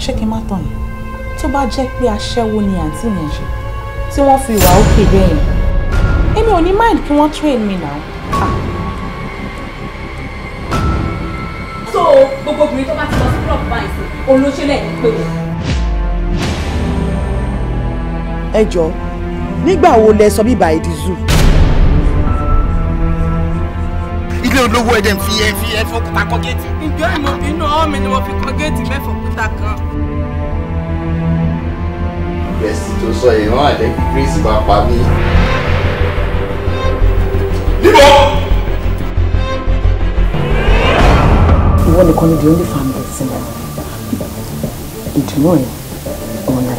ṣé kí n má tàn yín tó bá jẹ́ pé aṣẹ́wó ni àǹtí yẹn ṣe tí wọ́n fi wà òkè bẹ́ẹ̀ yẹn èmi ò ní mind kí wọ́n train me now. Ah. so gbogbo obìnrin tó bá ti lọ sí club báyìí sí olóṣèlè ní pé. ẹ jọ nígbà wo lẹ sọ bíbá ẹ di zoo ilé olówó ẹ̀dẹ̀ fi ẹ fi ẹ fọkúta kọ́ géètì. ìjọ ìmọ̀bínú ọwọ́ mi ni mo fi kọ́ géètì mẹ́fọ̀kúta kan. bẹ́sì tó sọ yìí wọ́n àjẹ́ kí grace bá pa mí. níbo. ìwọ nìkan ni the only family sí mi ìdùnnú ẹ ọ̀nà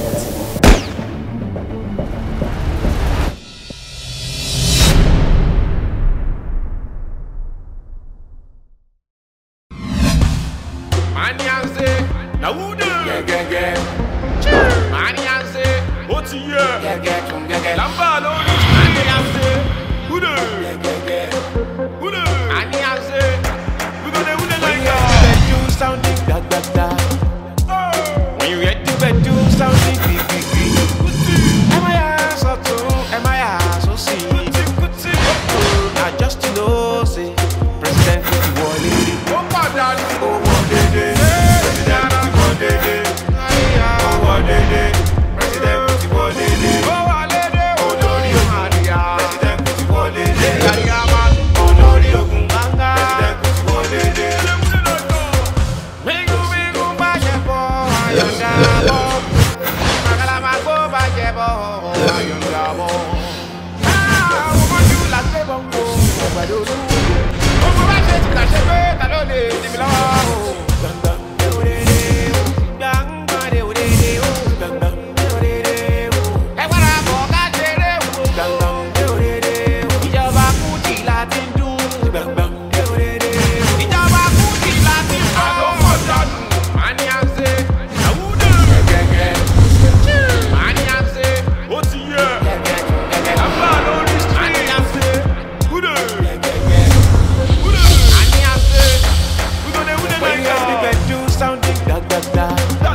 die.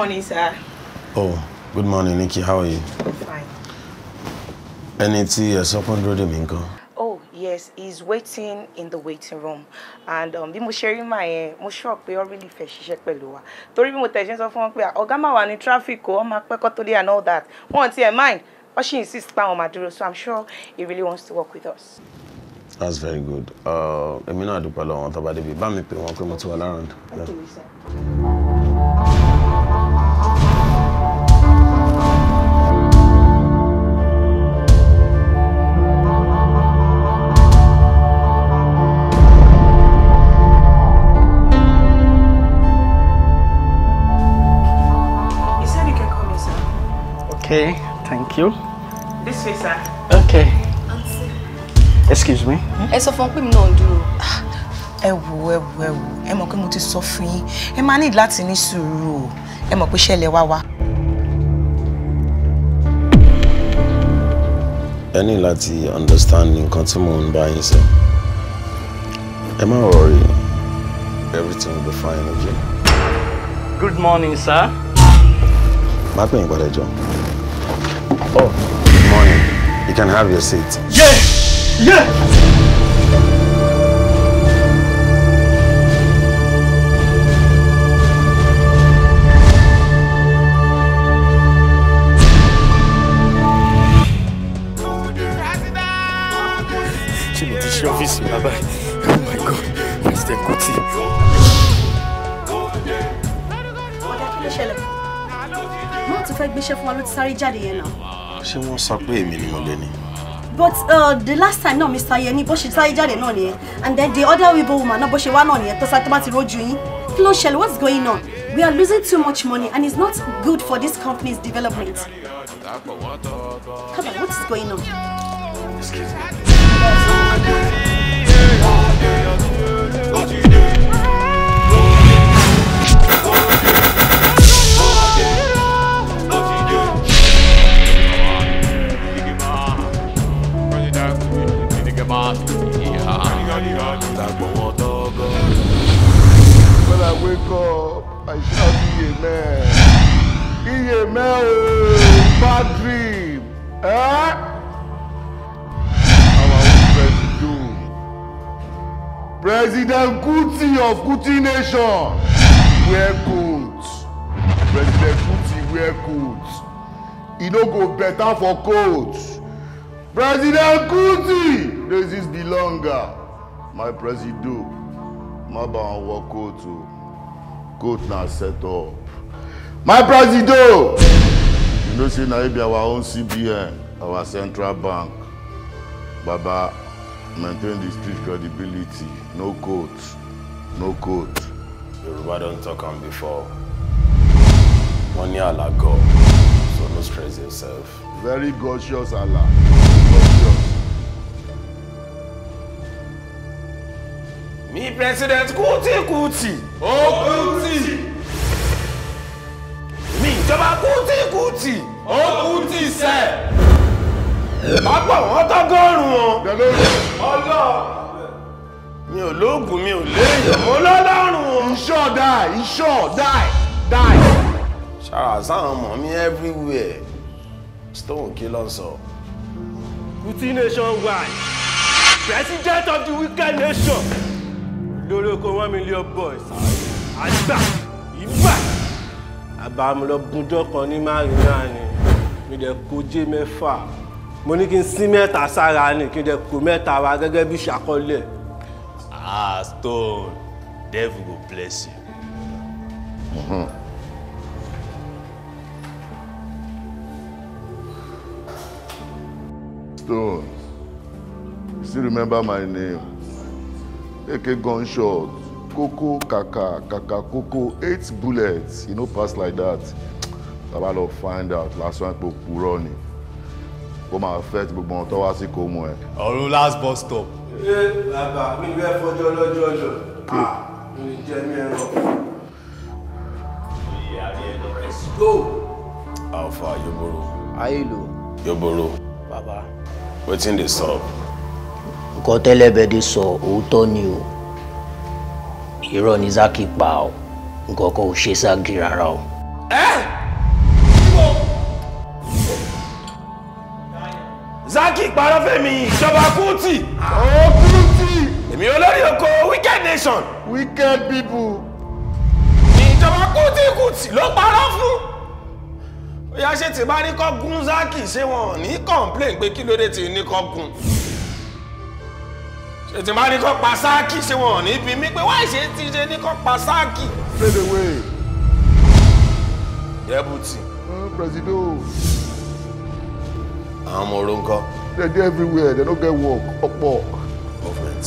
morning, sir. Oh, good morning, Nikki. How are you? I'm fine. Ẹni tí ẹ sọ pé ń Oh, yes, he's waiting in the waiting room. And um, bí mo ṣe rí màá yẹn, mo sure pé really fẹ́ ṣiṣẹ́ pẹ̀lú wa. Torí bí mo tẹ̀sí sọ fún wọn pé ọ̀gá máa wà ní traffic o, ó máa pẹ́ kó tó and all that. Wọ́n ti mind. but she insists, pé àwọn máa dúró, so I'm sure he really wants to work with us. That's very good. Uh, èmi I dúpẹ́ lọ́wọ́ tó bá débi. the mi pè wọ́n pé mo ti wà láràndì. Okay, sir. Okay, thank you. This way, sir. Okay. Excuse me. Ẹ sọ fún pé mi náà ń dúró. Ẹ wò ẹ wò ẹ wò ẹ mọ̀ pé mo ti sọ fún yín ẹ máa need láti ní sùúrù o ẹ mọ̀ pé ṣẹlẹ̀ wá wá. Ẹ ní láti understand nǹkan tí mò ń bá yín sọ. Ẹ má worry everything will be fine again. Good morning sir. Má pè yín padà jọ can have your seat. Yeah! Yeah! Office, oh my God, Mr. Kuti. Mo ti fẹ́ gbéṣẹ́ fún wa ló ti sáré jáde yẹn náà. Ṣé wọ́n sọ pé èmi ni mo lé ni? but uh, the last time no, mr yẹni bó ṣe sáré jáde náà nìyẹn and then the other wibo woman no, but she wá náà nìyẹn To start tó bá road journey. yín kí what's going on we are losing too much money and it's not good for this company's development come on what is going on. Excuse me. I wake up, I shout Iyemẹ. Iyemẹ o, bad dream. Eh? Our president. President Kuti of Kuti Nation. Wear coats. President Kuti wear coats. He don't go better for coats. President Kuti, this is the longer. My president, má bá wọn wọ goat now set up my president, you know say na be our own cbn our central bank baba maintain the street credibility no coat no coat. yoruba don't talk on before money ala god so no stress yourself. very gracious allah. Mi President Kuti Kuti. Ó Kuti. Mi ìjọba Kuti Kuti. Ó Kuti sẹ́. Pápọ̀ wọ́n tọ́gọ́rùn-ún o. Ọlọ́. Mi ò lóògùn mi ò léèyàn. Mo lọ́lọ́rùn. Iṣọ́ die, iṣọ́ die, die. Ṣàrà sáwọn ọmọ mi everywhere. Stone kí ló ń sọ. Kuti nation wide. President of the wicked nation lórúkọ one million boys àgbà ìgbà àbámúlọ́gbùnjọ́ kan ní márùn-ún náà ni mi dẹ̀ kojé mẹ́fà mo ní kí n sí mẹ́ta sára ni kí n dẹ̀ kó mẹ́ta wá gẹ́gẹ́ bí ṣàkọlẹ̀. ah stone devil go bless you. Mm-hmm. stone you still remember my name eke gunshot koko kaka kaka koko eight bullets e no pass like that Baba, lọ find out last one pé òpùrọ́ ni kó máa affect gbogbo ọ̀n tó wá sí kó mú ẹ. ọ̀run last bus stop. ṣé bàbá mi fẹ́ fọjọ́ lọ́jọ́ ah, lọ mi ì jẹ́ mi ẹ̀rọ. let's go. alfa yoboro. ayelo. yoboro. baba. wetin dey sup nǹkan tẹ́lẹ̀bẹ̀dẹ̀ sọ òótọ́ ni o irọ́ ni Zaki pa o nǹkan kan ò ṣe Ṣàgì rárá o. Zaki parọ́ fẹ́mi ìjọba Kútì. ó Kútì. èmi olórí oko wicked nation. wicked people. ìjọba Kútì Kútì ló parọ́ fún bóyá ṣe ti bá ní kọ́ gún Zaki ṣé wọn ò ní complain pé kí ló dé ti ní kọ́ gún ètò ìbá ní kọ́ pa sáàkì ṣé wọn ò ní bí mi pé wáì ṣe ti ṣe ní kọ́ pa sáàkì. play the way. deputy. president. àwọn ọmọ oró ń they dey everywhere they no get work ọ̀pọ̀. government.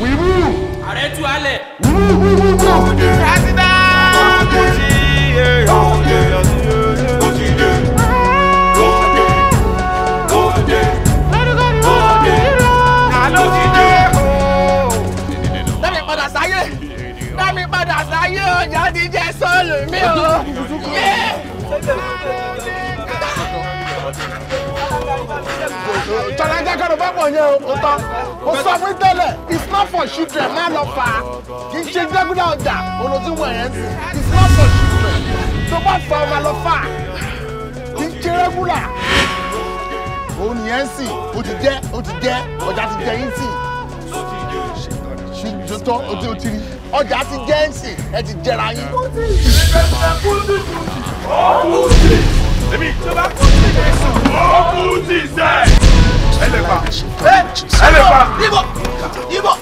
we move. ààrẹ tú alẹ̀. we move we move go. president kò sí èrò eh, ìlọsùn. pọ̀ yẹn o tọ́ mo sọ fún tẹ́lẹ̀ it's not for children má lọ fà á kì í ṣe dẹ́gúdà ọjà olóòtú wọ̀ yẹn sí it's not for children tó bá fà ọ má lọ fà á kì í ṣe rẹ́gúlà òun nìyẹn ń o ti jẹ́ o ti jẹ́ ọjà ti jẹ́ yín sìn ṣùtọ́ o ti o ti rí ọjà ti jẹ́ ń sìn ẹ ti jẹra yín. èmi ìjọba kò sí ẹ̀sùn ó kú sí sẹ́ẹ̀ ẹlẹ́pà ẹlẹ́pà ìbọn ìbọn.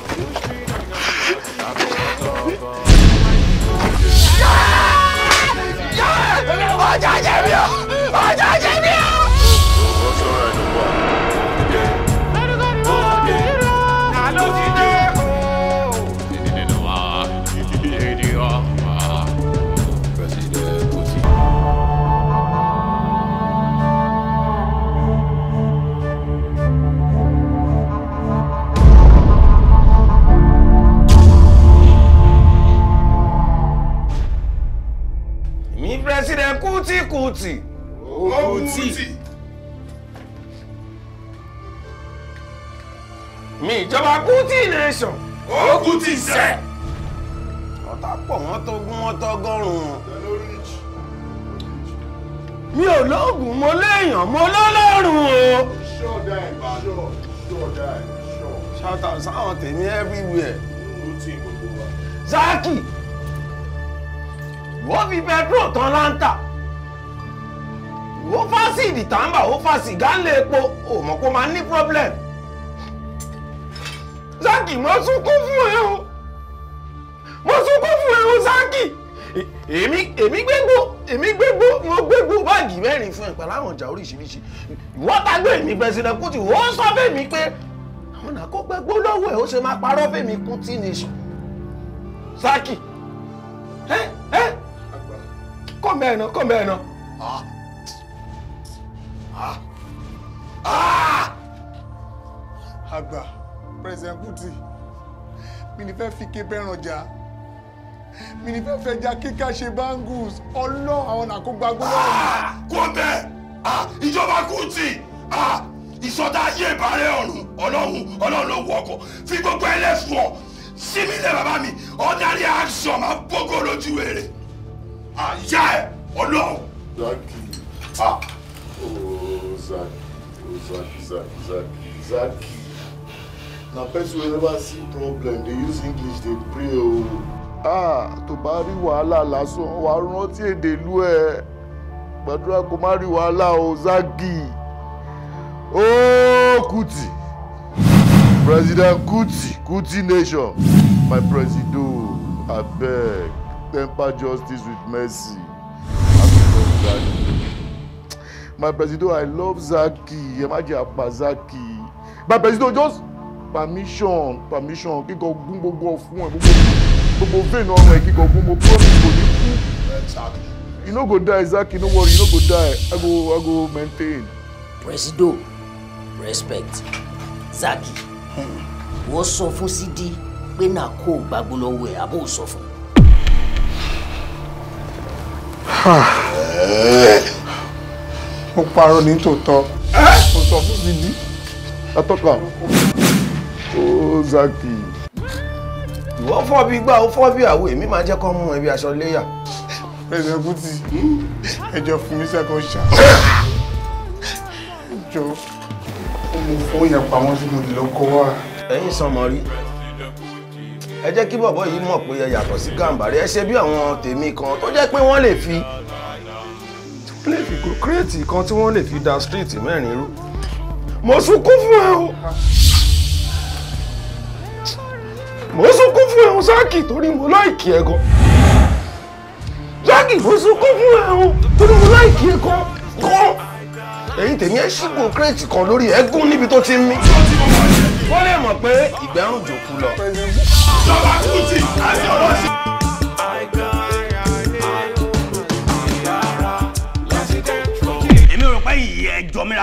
ọjà jẹ mi o ọjà. kùtìkùtì. ó kùtì. mi ìjọba kùtì nation. ó kùtì sẹ́. ọ̀tá pọ̀ wọ́n tó gún wọ́n tọ́gọ́rùn-ún. mi ò lóògùn mo léèyàn mo lọ́lọ́rùn o. ṣọ́ọ̀dà ẹ̀ bá yọ̀ ṣọ́ọ̀dà ẹ̀ ṣọ́ọ̀. shout out sáwọn tèmi everywhere. kùtì gbogbo wa. Zaki wọ́n fi bẹtrọ̀ tán láńtà ó fásì ìdìtàǹbà ó fásì gánlé epo ò mọ̀ kó máa ní problem Zaki mo sunkún fún ẹ o mo sunkún fún ẹ o Zaki èmi èmi gbégbó èmi gbégbó mo gbégbó báàgì mẹ́rin fún ẹ pẹ̀lú àwọn ọjà oríṣiríṣi ìwọ́n ta gbé mi President Kuti ó sọ fẹ́mi pé àwọn nàkó gbégbó lọ́wọ́ ẹ̀ ó ṣe máa parọ́ fẹ́mi Kuti nation Zaki ẹ ẹ kọ́ mẹ́rin náà kọ́ mẹ́rin náà. Ah. Ah, àgbà president Kuti mi ni fẹ́ fi ké bẹ́ràn jà mi ni fẹ́ fẹ́ ja kíkà ṣe bangles ọlọ́ àwọn nàkó gbagbó lọ́wọ́. Ah! kó bẹ́ẹ̀ ah! ìjọba Kuti ah! ìsọdá ayé ìbárẹ̀ ọ̀run ọlọ́run ọlọ́run ló wọ ọkọ̀ fi gbogbo ẹlẹ́sùn ọ̀ sí mi lẹ́ bàbá mi ọ̀darí action máa bógó lójú wèrè àyà ẹ̀ ọlọ́run. Zaki ah ooo oh, Zaki zaki zaki zaki zaki na person e wey never see problem dey use english dey pray oh. ah tó bá rí wàhálà lásán wàá rántí èdè e ìlú ẹ e. gbàdúrà kó o oh, zagi ooo oh, Kuti president Kuti Kuti nation my president, I beg temper justice with mercy. Happy birthday my president i love zaki ẹ má jẹ́ zaki my president just permission permission kíkọ gún gbogbo ọ̀fun ẹ gbogbo vein ọrùn ẹ kíkọ gún mo promise kò ní kú you no go die zaki no worry you no go die i go i go maintain. presido respect zaki wọ́n sọ fún sídìí pé náà kó o gbàgbọ́ lọ́wọ́ ẹ̀ àbó sọ fún mo parọ́ ní tòótọ́ mo sọ fún gidi látọ́ka ó zaki. ìwọ fọ́ bí gbà ó fọ́ bí àwọ̀ èmi máa jẹ́ kó mú ẹbí aṣọ léyà. ẹ̀sẹ̀ kùtì ẹjọ́ fún mi sẹ́kọ̀ọ́ ṣá jọ mo fún yẹn pamọ́ tí mo lọ kọ́ wá. ẹ̀yin sanmọ rí ẹ jẹ́ kí bọ̀bọ̀ yìí mọ̀ pé ẹ yàtọ̀ sí gàǹbàrí ẹ ṣe bí àwọn tèmi kan tó jẹ́ pé wọ́n lè fi kírètì kan tí wọ́n lè fi da street mẹ́rin rú mo sunkún fún ẹ o mo sunkún fún ẹ o Zaki torí mo láìkí ẹ gan Zaki mo sunkún fún ẹ o torí mo láìkí ẹ gan gan èyí tèmi ẹ ṣígun kírètì kan lórí ẹgún níbi tó ti ń mí wọ́n lè mọ̀ pé ìgbẹ́rùn jòkú lọ. ìjọba kùtì àti ọlọ́sìn.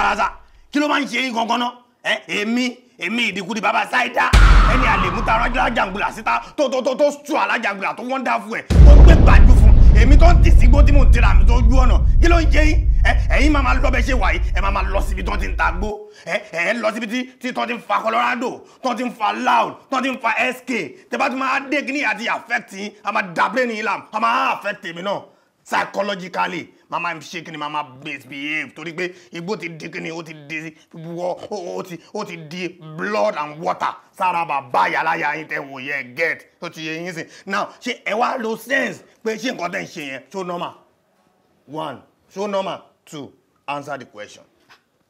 rárá sá kí ló máa ń ṣe yín gangan náà ẹ èmi èmi ìdínkùdì bàbá ṣáìdá ẹni àlèmúta alájàngbìlà síta tó tó tó tó sù alájàngbìlà tó wọ́n dá fún ẹ tó gbé gbàdú fún èmi tó ń tì sígbó tí mò ń tẹ̀ra mi tó ju ọ̀nà kí ló ń ṣe yín ẹ ẹ̀yin máa máa lọ bẹ ṣe wà yìí ẹ máa máa lọ síbi tó ti ń ta gbó ẹ ẹ lọ síbi tí tó ti ń fa Colorado tó ti ń fa loud tó ti ń fa SK tẹ bá máa dé kíní àti àfẹ́tì yín a máa dàbẹ́ ní ìlànà a máa àfẹ́tì mi náà psychologically mama im shake ni mama misbehave torí pé igbó ti di kíni ó ti di wọ ó ti ó ti di blood and water sára bàbá yàláyà yín tẹ wò yẹ get tó ti yẹ yín sìn now ṣé ẹ wá lo sense pé ṣé nǹkan tẹ̀ ń ṣe yẹn ṣó normal one Show normal two answer the question.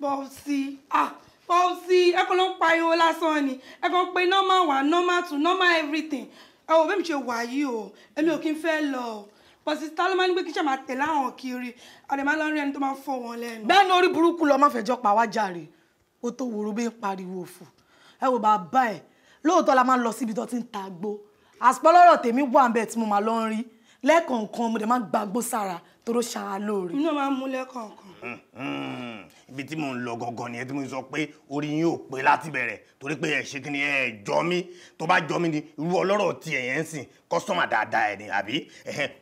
bọ́ọ̀sì ah bọ́ọ̀sì ẹ kàn ló ń pariwo lásán ni ẹ kàn pé normal one normal two normal everything ẹ wò bẹ́ẹ̀ mi ṣe wà yìí o èmi ò kí n fẹ́ lọ o ọ̀sì tá ló máa ń gbé kíṣẹ́ máa tẹ̀lé àwọn kiri ọ̀dẹ̀ máa lọ rí ẹni tó máa ń fọ wọn lẹ́nu. bẹ́ẹ̀ ni orí burúkú lọ máa fẹjọ́ pa wá jàre ó tó wòrò bí ń pariwo òfò ẹ wò bàbá ẹ lóòótọ́ la máa ń lọ síbi tó ti ń ta gbó àsìpọ̀ lọ́rọ̀ tèmi wà ń bẹ̀ tí mo máa lọ ń rí lẹ́ẹ̀kọ̀ọ̀kan mo dẹ̀ máa ń gbàgbó sára Toro ṣara lóore. inú máa ń múlẹ̀ kọ̀ọ̀kan. Hmm, hmm. ibi tí mò ń lọ gangan nìyẹn tí mo sọ pé orí yín ò pé láti bẹ̀rẹ̀ torí pé ẹ̀ ṣe kí ni ẹ̀ jọ mí tó bá jọ mí ni irú ọlọ́rọ̀ ti ẹ̀yẹ́ ń sìn kọ́sọ́mà dáadáa ẹ̀ ni àbí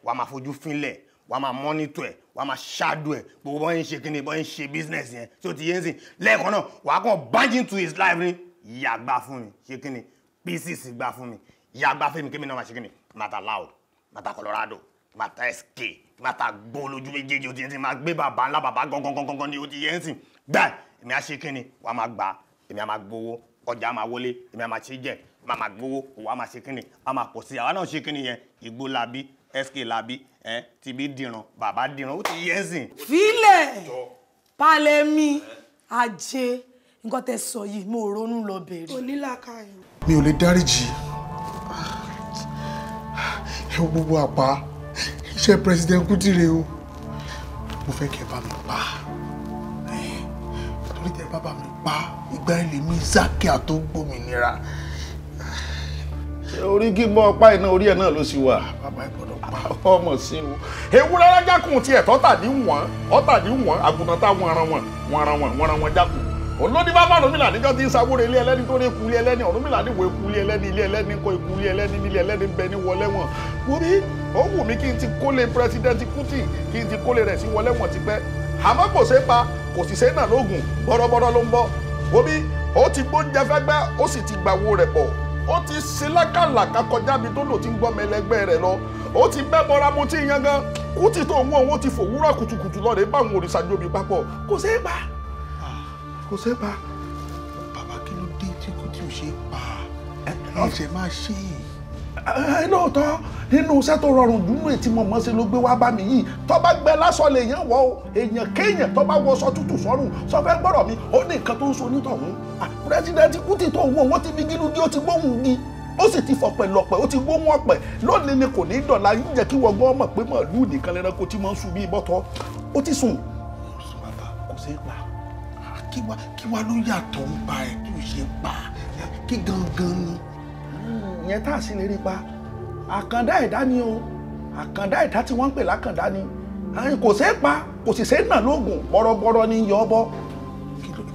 wàá máa fojú fínlẹ̀ wàá máa mọ́nítọ̀ ẹ̀ wàá máa ṣáàdù ẹ̀ gbogbo bọ́ ń ṣe kí ni bọ́ ń ṣe bísínẹ̀sì yẹn tí ó ti yé ń sìn lẹ́ẹ̀kan náà wàá kàn bájì to his life ni ìyá gbá fún mi ṣe kí ni pieces gbá fún mi ìyá gbá fún mi kí mi náà máa ṣe kí ni mata loud mata colorado mata sk pátá gbọ́ lójú méjèèjì o ti yẹn ti máa gbé bàbá ńlá bàbá gangan ni o ti yẹn sìn gbà èmi á ṣe kínni wàá máa gbà èmi á máa gbowó ọjà máa wọlé èmi á máa ṣe jẹ máa máa gbowó òwò á máa ṣe kínni á máa pọ̀ sí àwa náà ṣe kínni yẹn igbó labi sk labi ẹ ti bí dìran bàbá dìran o ti yẹn sìn. filẹ̀ palẹ̀ mi ajé tẹ sọ yìí mo ronú lọ bẹ̀rẹ̀. onílàkàyè. mi ò lè dáríjì ẹ wo gbogbo àpá iṣẹ́ president Kuti rèé o mo fẹ́ kẹ́ bá mi pa torí tẹ́ bá bá mi pa ìgbà ilé mi Zakia tó gbòmìnira. orí kí n bọ ọpá iná orí ẹ náà ló sì wà bàbá ẹ gbọ́dọ̀ pa ọmọ sí o. ewúrẹ́ alájákùn tiẹ̀ tọ́tà ní wọ́n ọ́tà ní wọ́n àgùntàn táwọn aràn wọn wọn aràn wọn wọn aràn wọn jákùn olódì bá fàrùn mìlá níjọ́ tí ń sawóre ilé ẹlẹ́ni tó rí ikú ilé ẹlẹ́ni ọ̀rùn mìlá níwò ikú ilé ẹlẹ́ni ilé ẹlẹ́ni kọ ikú ilé ẹlẹ́ni ilé ẹlẹ́ni bẹ ní wọlé wọn orí ó wù mí kí n ti kólé pírẹsidẹ́ntì Kútì kí n ti kólé rẹ̀ sí wọlé wọn ti pẹ́ àmọ́ kò ṣeé pa kò sì ṣeé nà lóògùn bọ́dọ́bọ́dọ́ ló ń bọ́ orí ó ti gbóúnjẹ fẹ́gbẹ́ ó sì ti gbàwó rẹ̀ pọ̀ ó ti ṣe lákàlàkà kọjá mi tó lò tí ń gbọ́ mi ẹlẹgbẹ́ rẹ̀ lọ ó ti bẹ́bọra mu tí yan gan Kútì tó ń wọ́n ó ti fòwúrọ̀ kùtùkùtù lọ́ọ́ rẹ̀ bá àwọn òrìṣà jobi papọ̀ kò ṣeé pa kò sẹ́ba bàbá kí ló dé tí kò tí ò ṣe pa ẹ̀ṣẹ̀ máa ṣe lóòótọ́ nínú iṣẹ́ tó rọrùn dúró ètí mọ̀mọ́ sí ló gbé wá bá mi yìí tó bá gbẹ lásán lè yàn wọ́ o èèyàn kéèyàn tó bá wọṣọ tútù sọ́rùn sọ fẹ́ gbọ́dọ̀ mi ó ní nǹkan tó ń so nítọ̀hún pírẹsidẹ́ntì Kútì tó ń wò wọ́n ti fi gílúgí ó ti gbóhùn gi ó sì ti fọpẹ lọpẹ ó ti gbóhùn ọpẹ lónìí ni kò ní í dọ̀la yín jẹ́ kí wọ́n gbọ́ mọ̀ pé màálù nìkan lẹ́ranko tí wọ́n ń sun bí bọ́tọ̀ ó ti sùn. kò sí bàbá kò sí pa kí wá kí wá ló yàtọ̀ ń pa ẹ̀ tó ṣe pa kí gangan ni. ìyẹn tá a sì lè rí pa àkàndá ẹ̀dá ni o àkàndá ẹ̀dá tí wọ́n ń pè lákàndá ni kò ṣeé pa kò sì ṣeé nà lóògùn bọ́rọ́bọ́rọ́ ní yọ bọ́.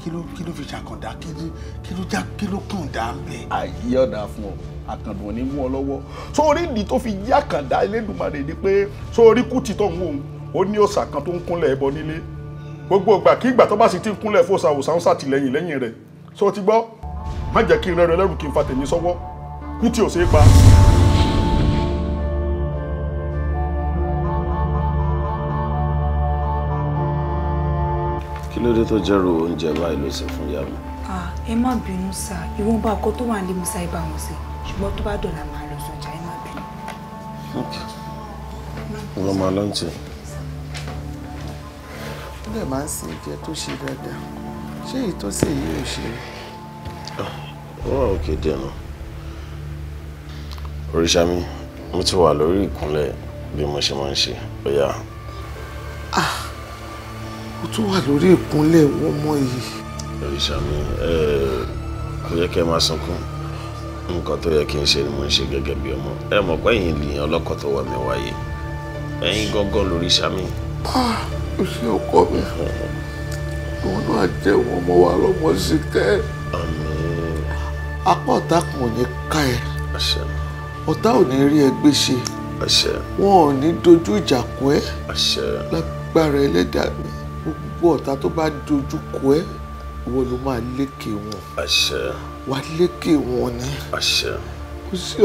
kí ló kí ló fi ṣàkàndá kí ló kí ló já kí ló kàn dá ń bẹ. àyè ọ̀dà fún ọ àkàndùn ní mú ọ lọ́wọ́ sórí ìdí tó fi yí àkàndá Elédùmarè ni pé sórí kùtì tó ń wò ó ní òòsà kan tó ń kúnlẹ̀ ẹbọ nílé gbogbo ìgbà kí ìgbà tó bá sì ti kúnlẹ̀ fòsàwòsà ń ṣàtìlẹ́yìn lẹ́yìn rẹ̀ sọ ti gbọ́ má jẹ́ kí rẹ́rẹ́ lẹ́rù kí n fa tèmi sọ́wọ́ kú tí ò é pa. kí ló dé tó jẹ́rù oúnjẹ báyìí ló ṣe fún ìyá mi. ẹ má bínú sá ìwọ̀nba ọkọ tó wà ní musa ibà wọn sí ṣùgbọ́n tó bá dọ̀là máa lọ sọjà ẹ má bínú. ló máa dẹ̀ máa ń ṣe oúnjẹ tó ṣe dáadáa ṣé èyí tó ṣe yìí ò ṣe. wọ́n ah, wà òkè dẹ̀nà òrìṣà mi mo ti wà lórí ìkúnlẹ̀ bí mo ṣe máa ń ṣe bóyá. Ah, o tún wà lórí ìkúnlẹ̀ wọ́n mọ èyí. òrìṣà mi eh, kò yẹ kí ẹ máa sunkún nǹkan tó yẹ kí n ṣe ni mo ń ṣe gẹ́gẹ́ bí ọmọ ẹ mọ̀ pé ẹ̀yin lèèyàn ọlọ́kọ̀ tó wà mí wáyé ẹ̀yin gángan lórí ó ṣe ọkọ mi òun náà jẹ́ wọn ọmọ wa lọ́mọ sí kẹ́ àmín apá ọ̀tá kan ò ní ká ẹ àṣẹ ọ̀tá ò ní rí ẹ gbé ṣe àṣẹ wọn ò ní dojú ìjà kọ ẹ àṣẹ lágbára ẹlẹ́dàá mi gbogbo ọ̀tá tó bá dojú kọ ẹ ìwọ ló máa lékè wọn wà lékè wọn ni àṣẹ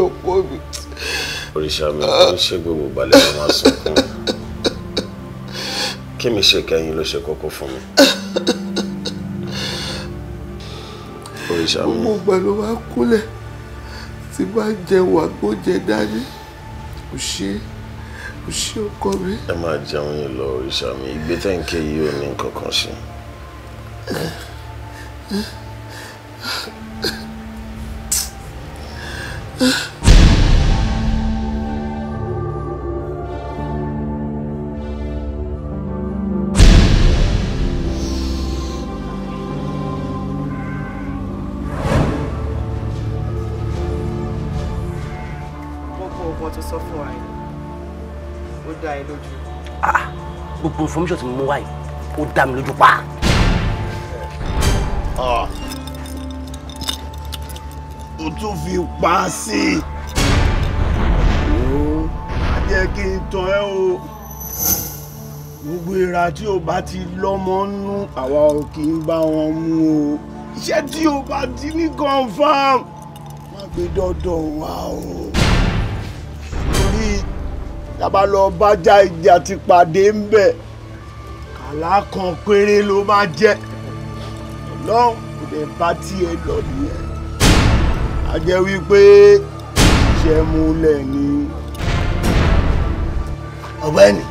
ó ọkọ mi. oríṣà mi kò ń gbogbo balẹ̀ ló máa sọ fún mi kí mi ṣe kẹ́yìn ló ṣe kókó fún mi. òrìṣà mi. mo pẹ̀lú wa kúnlẹ̀ tí bá jẹun àgbójẹ dání kò ṣe kò ṣe ọkọ mi. ẹ máa jẹun yín lọ òrìṣà mi ìgbé tẹ̀ǹkẹ́ yìí ò ní nǹkan kan ṣe. gbogbo information tí mo mú wáyé ó dá mi lójú pa. o tún fi pa á sí i. jẹ́ kí n tan ẹ́ o gbogbo ìra tí o bá ti lọ́mọ nú àwa ò kì í bá wọn mú o iṣẹ́ tí o bá ti ní confam o torí tá a já ìjà ti pàdé àlá kan péré ló máa jẹ́ ọlọ́run kò lè bá tiẹ̀ lọ nìyẹn a jẹ́ wípé iṣẹ́ múlẹ̀ ni. ọ̀gbẹ́ni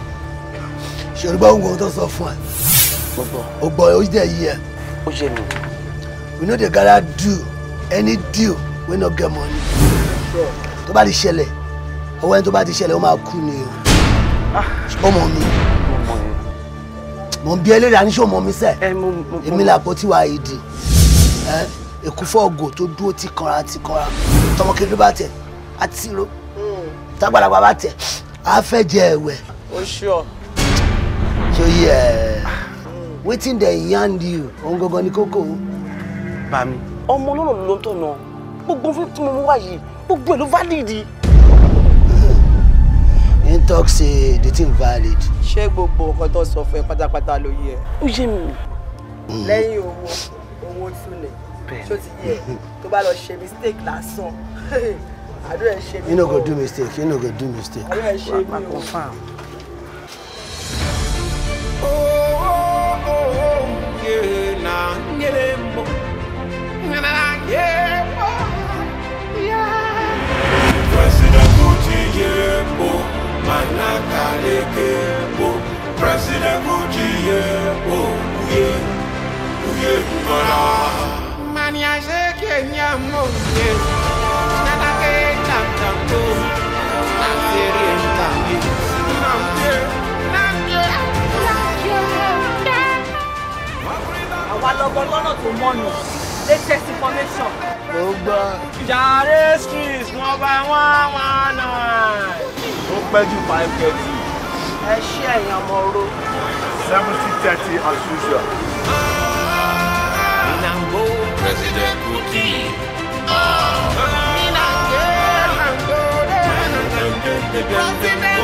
ṣòrùbá òun tó sọ fún ẹ ọgbọ ó dẹ̀ yí ẹ. ó ṣe mi. we no dey gather do any deal wey no get money. tó bá ti ṣẹlẹ̀ ọwọ́ ẹni tó bá ti ṣẹlẹ̀ ó máa kú ni o. Ah. ọmọ mi mo ń bí eléré aníṣẹ́ ọmọ mi sẹ́ èmi làpótí wa ìdì èkúfọ́ ògò tó dúró ti kanra ti kanra tọmọ kékeré bá tẹ̀ á ti ro tágbàlagbà bá tẹ̀ á fẹ́ jẹ ẹ̀wẹ̀. o sure. so yeah wetin dey yarn you òun gangan ni kókó. bami ọmọ olóró ló ń tọ̀nà gbogbo fún tí mo mú wá yìí gbogbo ẹ̀ ló valid talk say the thing valid. ṣé gbogbo nǹkan tó sọ fún ẹ pátápátá ló yẹ. ó yé mi. lẹ́yìn owó owó tún lè ti yẹ tó bá lọ ṣe mistake lásán àdúrà ẹ ṣe mi. you no go do mistake you no go do mistake. àdúrà ẹ ṣe mi o. Yeah, nah, get him. Nah, yeah, oh. manakaleke o president mujiye o uye uye mara. maniase kenya mo ye nanake tantanto nasere ntami namde namde namde. àwa lọ bọ lọ́nà tó mọ́nu latest information. mo Jare streets, street number one one nine. ó pẹ́ ju five thirty. ẹ ṣí ẹ̀yàn ọmọ oró. seventy thirty as usual. Nango President Buki. Nango President Buki.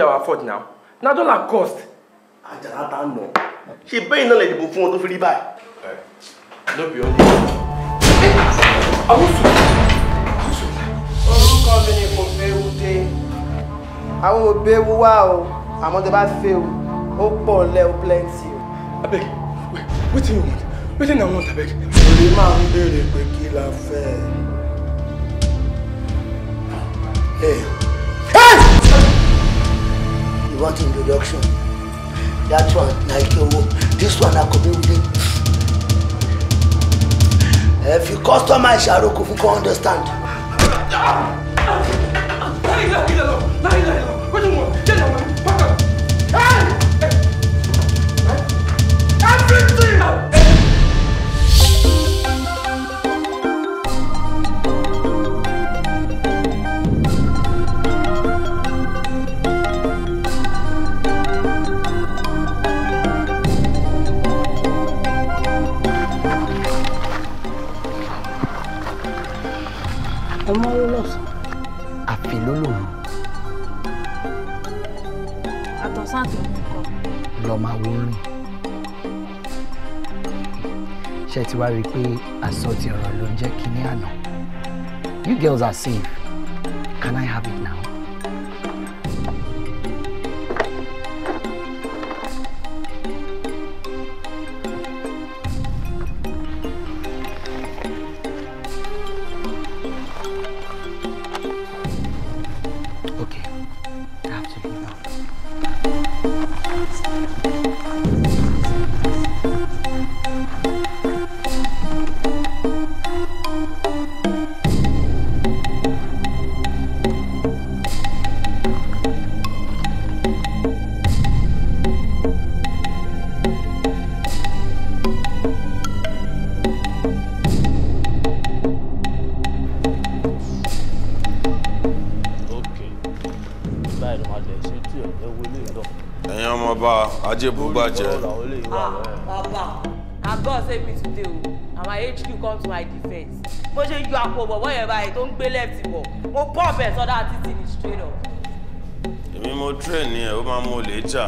be our fault now na dollar cost. I know. She pay don't àjàrà tá a nọ ṣe bẹ́ẹ̀ náà lè dìbò fún wọn tó I rí báyìí. ẹ ló bí I àwùjọ orúkọ mi ni mo I wú dé. àwọn òbí ewu I o àmọ́ tó bá fẹ́ I ó pọ̀ lẹ́ o plenty o. abeg wetin you want wetin I want abeg. èmi máa ń béèrè pé kí la fẹ́ ẹ want introduction. That one, like oh, This one, I could be with it. If you customer Sharoku, you can understand. alone. alone. ẹ mọ owó lọ́sàn-án. àfi lólòrùn. àtọ̀sán àti òmùkọ. lọ máa wo ń lò. you girls are safe. can I have it now? wo bọ̀bọ̀ yẹn báyìí tó ń gbé lẹ́ẹ̀tì bọ̀ mo bọ́ ọ̀bẹ sọ́dọ̀ àti ti ní straight up. èmi mo train ẹ ó máa mú olè jà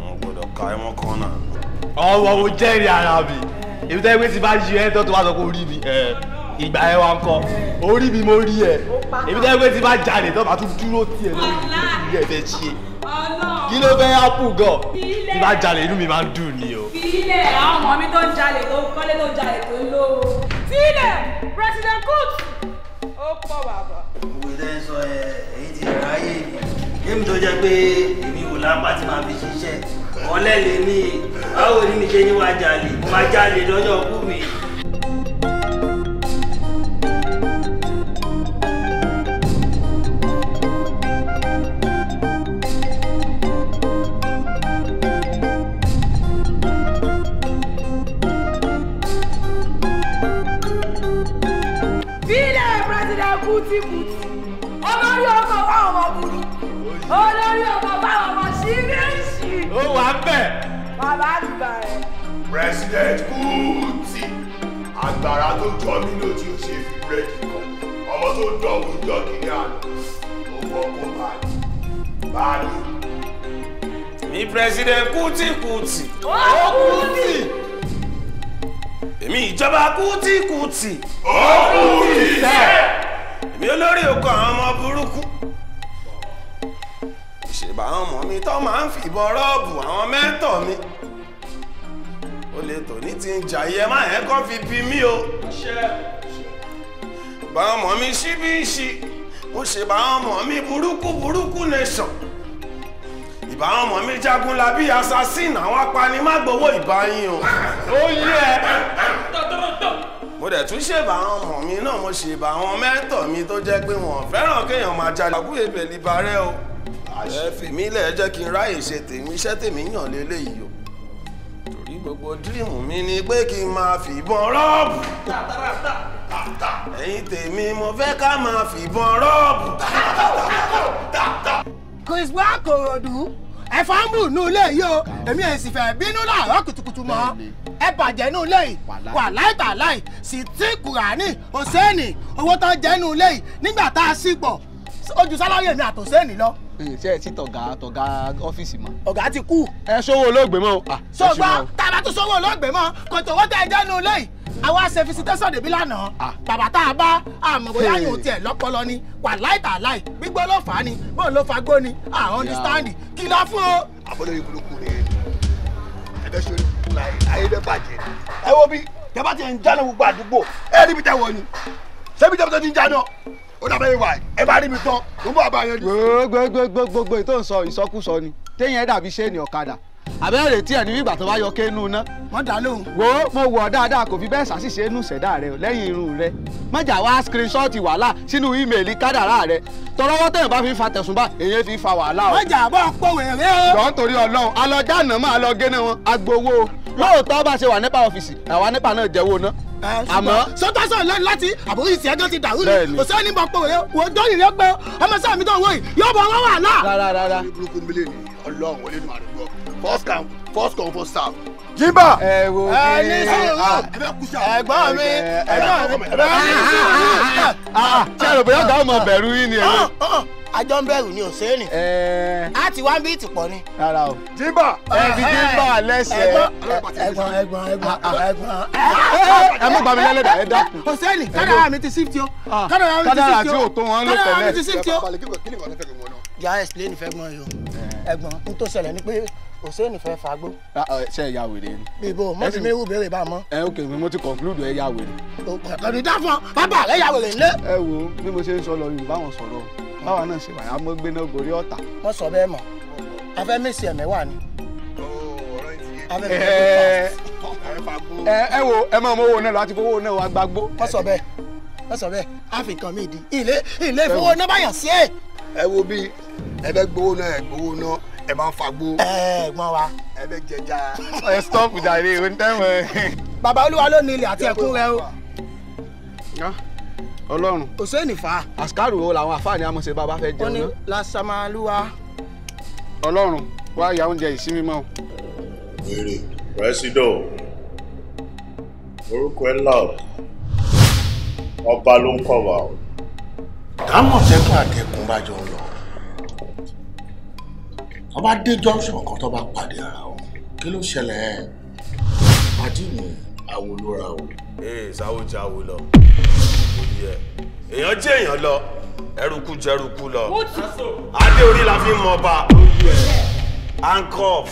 mo gbọ́dọ̀ ka ẹ mọ kan náà. ọwọ́ mo jẹ́rìí ara mi èmi tẹ́ pé tí bá yí ẹ tó tó wá sọ pé orí mi ìgbà ẹ wa ń kọ orí mi mo rí ẹ èmi tẹ́ pé tí bá jalè tó bá tún dúró tiẹ̀ lórí ìlú fẹ́ ṣe kí ló fẹ́ ápù gan tí bá jalè inú mi máa ń dùn ni o. fi àwọn ọmọ mi tó ń jalè tó ń kọ́lé tó ń jalè tó ń lò ó. fi president kut ó pọ̀ bàbá. òwe tẹ́ ń sọ ẹ èyí ti ráyè ni èmi tó jẹ́ pé èmi wò lápá tí màá fi ṣiṣẹ́ ọ̀lẹ́ lèmi báwo ni mi ṣe ní wàá jalè mo máa jalè lọ́jọ́ kú mi. president Kuti agbára tó jọ mí ló ti ṣe fi búrẹ́dì kan ọmọ tó dọ̀wọ́ jọ́kì ní àná owó kò bá ní bá ní. ní president Kuti Kuti ó Kuti èmi ìjọba Kuti Kuti ó Kuti sẹ́ẹ̀ èmi olórí oko àwọn ọmọ burúkú ìṣèbà àwọn ọmọ mi tó máa ń fìbọn rọ́ọ̀bù àwọn mẹ́tọ̀ mi ó lè tò ní ti ń jà yẹ má ẹ̀ kọ́ fi bí mí o. báwọn ọmọ mi ṣí bí ń ṣí mo ṣe báwọn ọmọ mi burúkú burúkú nation ìbáwọn ọmọ mi jagun labí assassin àwọn apanimágbowó ìbáyín o. ó yẹ mo dẹ̀ tún ṣèbà àwọn ọmọ mi náà mo ṣèbà àwọn mẹ́tọ̀ mi tó jẹ́ pé wọ́n fẹ́ràn kéèyàn máa jalè àbúrò ìbẹ̀lì barẹ́ o. ẹ fèmí lẹ̀ jẹ́ kí n ráyè ṣe tèmi iṣẹ́ tèmi yàn lélẹ́yìí o gbogbo dírímù mi ni pé kí n máa fìbọn rọ́ọ̀bù. ẹ̀yin tèmi mo fẹ́ ká máa fìbọn rọ́ọ̀bù. chris wá kòròdú ẹ̀fọ́ ń bù nù ilé yìí o èmi ẹ̀ sì fẹ́ bínú láàárọ̀ kùtùkùtù mọ́ ẹ bàjẹ́ nù ilé yìí wà láìtàláì sì tí kùránì òsèènì owó tó jẹ́ nù ilé yìí nígbà tá a sì pọ̀ ojú sálárì èmi àtòsẹ́ẹ̀nì lọ. ṣé ẹ ti tọ̀gá tọ̀gá ọ́fíìsì mọ́. ọ̀gá ti kú. ẹ sówó olóògbé mọ́ o. sọgbà ah, tàbá tún sówó olóògbé mọ́ kò tó wọ́tá ẹjọ́ nu lẹ́yìn àwa ṣe fi sítẹ́ sọ̀dẹ̀ bí lánàá ah. bàbá tá a bá àmọ̀ bóyá yóò tiẹ̀ lọ́pọlọ ni wà láì tà láì gbígbó ló fà á ni bóun ló fa gbó ni I understand kí lọ fún o. àbúrò yìí burúkú ni ẹgbẹ́ sori kú láyé ayé bẹ́ẹ̀ bàjẹ́ ẹ wo bí tẹ bá ti ń jáná gbogbo àdúgbò ẹ níbi tẹ wọ ni ṣé bí tẹ bá ti ń jáná ó dàbẹ́ ìwà ẹ bá rí mi tán mo bá bá yẹn. gbogbo gbogbo gbogbo ìtò ń sọ ìsọkúsọ ni téèyàn dàbí ṣéènì ọ̀kadà àbẹ́rẹ́ tí ẹ̀ ní ìgbà tó bá yọ kéénú ná. wọ́n dá lóhùn. wo mo wọ̀ dáadáa kò fi bẹ́ẹ̀ ṣàṣìṣe inú ṣẹ̀dá rẹ lẹ́yìn irun rẹ mọ̀jà wá screenshot wàhálà sínú ímeèlì kádàrá rẹ tọrọwọ́ tẹ̀yìn bá fi fa tẹ̀sùn bá èyí fi fa wàhálà o. mọ̀jà bọ̀ pòwé rẹ o. lọ́n torí ọlọ́run alọ́jàna máa lọ génà wọn agbowó lóòótọ́ bá ṣe wà nípa ọ́fíìsì àwa nípa náà jẹ́wọ́ ná àmọ́. sọtọ sọ lẹnu láti àbúrò ìsìn ẹjọ ti dàrú ni kò sẹ́ni bọ̀ pé wò dọ́yìn rẹ pé ọmọ sáà mi tó wọ̀ yìí yóò bọ̀ wọ́n wà náà. rárá rárá. olùkọ́ mi lè ní ọlọ́run wọlé nù àdúgbò first come first come first serve. jimba. ẹ wo ẹ ní sùúrù ẹ̀gbọ́n mi ẹ̀gbọ́n mi ẹ bẹ ní sùúrù. ṣé àròbó yàtọ̀ àwọn ọmọ bẹ̀rù yín ni ẹ àjọ ah, ah, ah. ń bẹ̀rù ni òsèèrè á ti wá ń bí ìtìpọ̀ ni. rárá o jimba ẹ fi jimba lẹ́sẹ̀ ẹ̀gbọ́n ẹ̀gbọ́n ẹ̀gbọ́n ẹ̀gbọ́n. ẹ mọ̀ gbàmí lẹ́lẹ́dà ẹ dákun. òsèèrè kádàrá mi ti sífìtì o kádàrá mi ti sífìtì o kádàrá tí o tó wọn ló tẹ̀lé kádàrá mi ti sífìtì o. yà á explain ìfẹ́gbọ́n yìí o eh. ẹ̀gbọ́n n tó ṣẹlẹ̀ ni pé Hussein fẹ́ fagbó. Ah, ah, ṣe ẹ ya wèrè ni. bíbó mo ti mi wú béèrè bá mọ. ẹ eh, ok mo ti conclude ẹ ya wèrè. ọ̀dùn dáfọ́ bàbá rẹ̀ ya wèrè ńlẹ̀. ẹ wo bí mo ṣe ń sọ lọ yorùbá wọn sọ̀rọ̀ báwa náà ṣe wàyà mọ́ gbéná gorí ọ̀tà. wọ́n sọ bẹ́ẹ̀ mọ̀ afẹ́ mèsì ẹ̀mẹ́ wà ni. Eh, eh, ẹ wo ẹ máa mọ owó náà láti fowó náà wá gbàgbó. wọ́n sọ bẹ́ẹ̀ wọ́n sọ bẹ́ẹ̀ àfikàn mi di ilé ilé ìfowó náà báyà sí ẹ̀. ẹ wo bí ẹ fẹ́ gbowó náà ẹ gbowó náà ẹ máa ń fagbó. ẹ wa. ẹ bẹ jẹja. ẹ stop jàre eh, o ní tẹ́wọ̀n. bàbá olúwa ló ní ilẹ̀ àti ẹ̀kún rẹ o. ọlọ́run. kò fa. àṣkárù wo làwọn àfáàní amọ̀ṣe bàbá fẹ́ jẹun náà. ó ní lásàmàlúwa. ọlọ́run wá ya oúnjẹ ìsinmi mọ́. wèrè pẹ́sídọ̀ orúkọ ẹ̀ lọ́ọ̀ ọba ló ń kọ̀ wá o. táwọn àtẹkùn bá jọ ń lọ wọ́n bá dé junction kan tó bá pàdé ara wọn kí ló ṣẹlẹ̀ ẹ̀ pàdé ní o. ee eh, sáwó jẹ àwo lọ kò ní ẹ èèyàn jẹ èèyàn lọ ẹrùkú jẹrùkú lọ adé orí la fi mọ ọba handcuff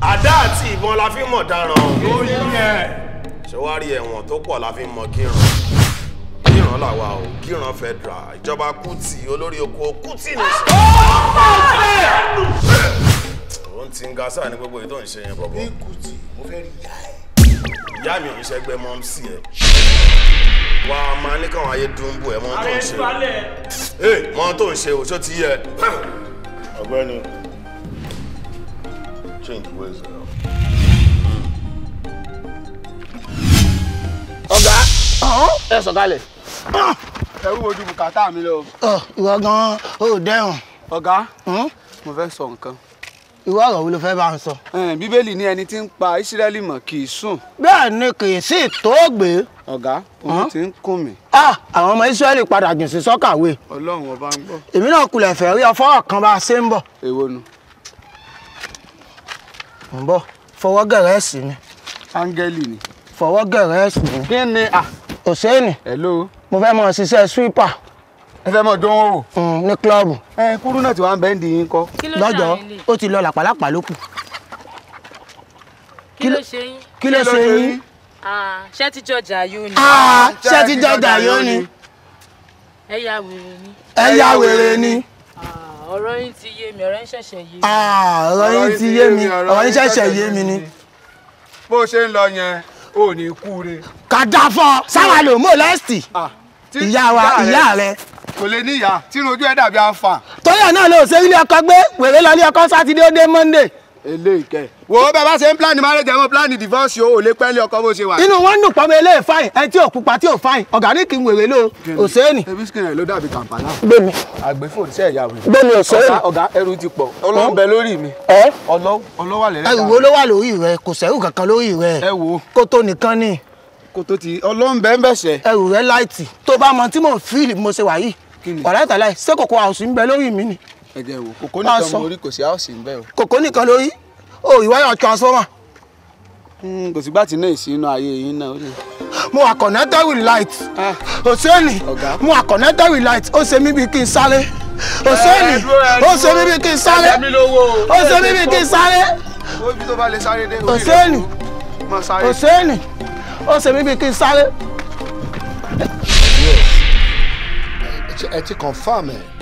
àdá àti ìbọn la fi mọ̀ dáràn ṣé wàá rí ẹ̀wọ̀n tó pọ̀ la fi mọ kírun oníran làwa o kíran federal ìjọba Kútì olórí oko Kútì ní. òun ti ń ga sáà ní gbogbo ètò ìṣe yẹn bọ̀bọ̀. ní mo fẹ́ rí ìyá ẹ̀. ìyá mi ò ń ṣẹgbẹ́ mọ́ sí ẹ. wà á máa ní káwọn ayé dùnbù ẹ mọ tó ń ṣe. ẹ mọ tó ń ṣe o ṣó ti yẹ. ọ̀gbẹ́ni change ways ọ̀gá ẹ sọ̀kalẹ̀ ẹrú ojú bùkátà mi lọ. ìwọ gan o dẹrùn. ọ̀gá hmm? mo fẹ́ sọ nǹkan. ìwọ ọ̀rọ̀ wo ló fẹ́ bá ń sọ. bíbélì ní ẹni tí ń pa ìsírẹ́lì mọ̀ kì í sùn. bẹ́ẹ̀ ni kì í sì tó gbé. ọ̀gá òun hmm? ti ń kún mi. Ah, àwọn ọmọ ìsírẹ́lì padà jìn sí sọ́kàwé. ọlọ́run ọba ń gbọ́. èmi náà kulẹ̀ fẹ́ rí ọfọ́ kan bá a ṣe ń bọ̀. èwo nu. ń bọ̀ fọwọ́ gẹ̀rẹ́sì ni. áńgẹ́lì ni. fọwọ́ gẹ̀rẹ́sì ni. kí ni. Ah! òṣèlú. hello mo fẹ́ mọ̀ ṣiṣẹ́ sweeper. ẹ fẹ́ mọ̀ dánwò. Mm, ní kílọ̀bù. ẹ kúrú náà ti wá ń bẹ́ẹ̀ dì í kọ́. lọ́jọ́ ó ti lọ làpálàpá ló kù. kí ló ṣe yín. ṣé ti jọjà yóò ní. Ah, ṣé ti jọjà yóò ní. ẹ ya ni. ẹ ya wèrè ni. Ah, ọ̀rọ̀ yín ti yé mi ọ̀rọ̀ yín ṣẹ̀ṣẹ̀ yé mi. Ah, ọ̀rọ̀ yín ti yé mi ọ̀rọ̀ yín ṣẹ̀ṣẹ̀ yé mi ni. bó ṣe ń lọ yẹn ò ni kú re. kàdá fọ sáwà ló mú ìyá wa ìyá rẹ. kò lè níyà tí rojú ẹ dàbí àǹfà. tóyà náà ló ṣe ilé ọkọ gbé wèrè lọ ilé ọkọ sátidé ó dé monday eléyìí kẹ. wo bẹ́ẹ̀ bá ṣe ń plan marriage ẹ̀ mọ́ plan divorce o ò lè pẹ́ẹ́lí ọkọ bó ṣe wà. inú wọn ń dùn pọ́nmi eléyìí fáìn ẹ tí ò pupa tí ò fáìn ọ̀gáníìkì wèrè ló òṣèlú. ebi skin rẹ ló dàbí kàmpánà. gbẹmí àgbẹfò ṣe ẹ̀yà wẹ̀. gbẹmí òṣèlú. ọ̀gá ọ̀gá ẹrù ti pọ̀ ọlọ́run bẹ lórí mi. ẹ ọlọ́wọ́ ọlọ́wà lẹ́rẹ́ dáa. ẹ wo ló wà lórí rẹ kò sẹ́rù kankan lórí rẹ. ẹ wo kótó nìkan ni kòtò tí ọlọ́run bẹ́ẹ̀ bẹ̀ṣẹ̀. ẹrù rẹ láìtì tó bá mọ tí mò ń fíìlì mo ṣe wà yìí ọ̀rẹ́ tàlẹ́ ṣé kòkó àwòsí ń bẹ lórí mi ni ẹ jẹ́ wo kòkó nìkan mo rí kò sí àwòsí ń bẹ o. kòkó nìkan lórí o ìwáyà transformer. Hmm, kò sígbà tí náà ìsinú ayé yín náà mo wà connected with light Hosseini ah. mo wà connected with light ó ṣe mí bíi kí n sáré Hosseini ó ṣe mí bíi kí n sáré ó ṣe eh, eh, mí bíi kí n sáré Hosseini Hosseini ó ṣe mí bíi kí n sáré. ẹ ti confam ẹ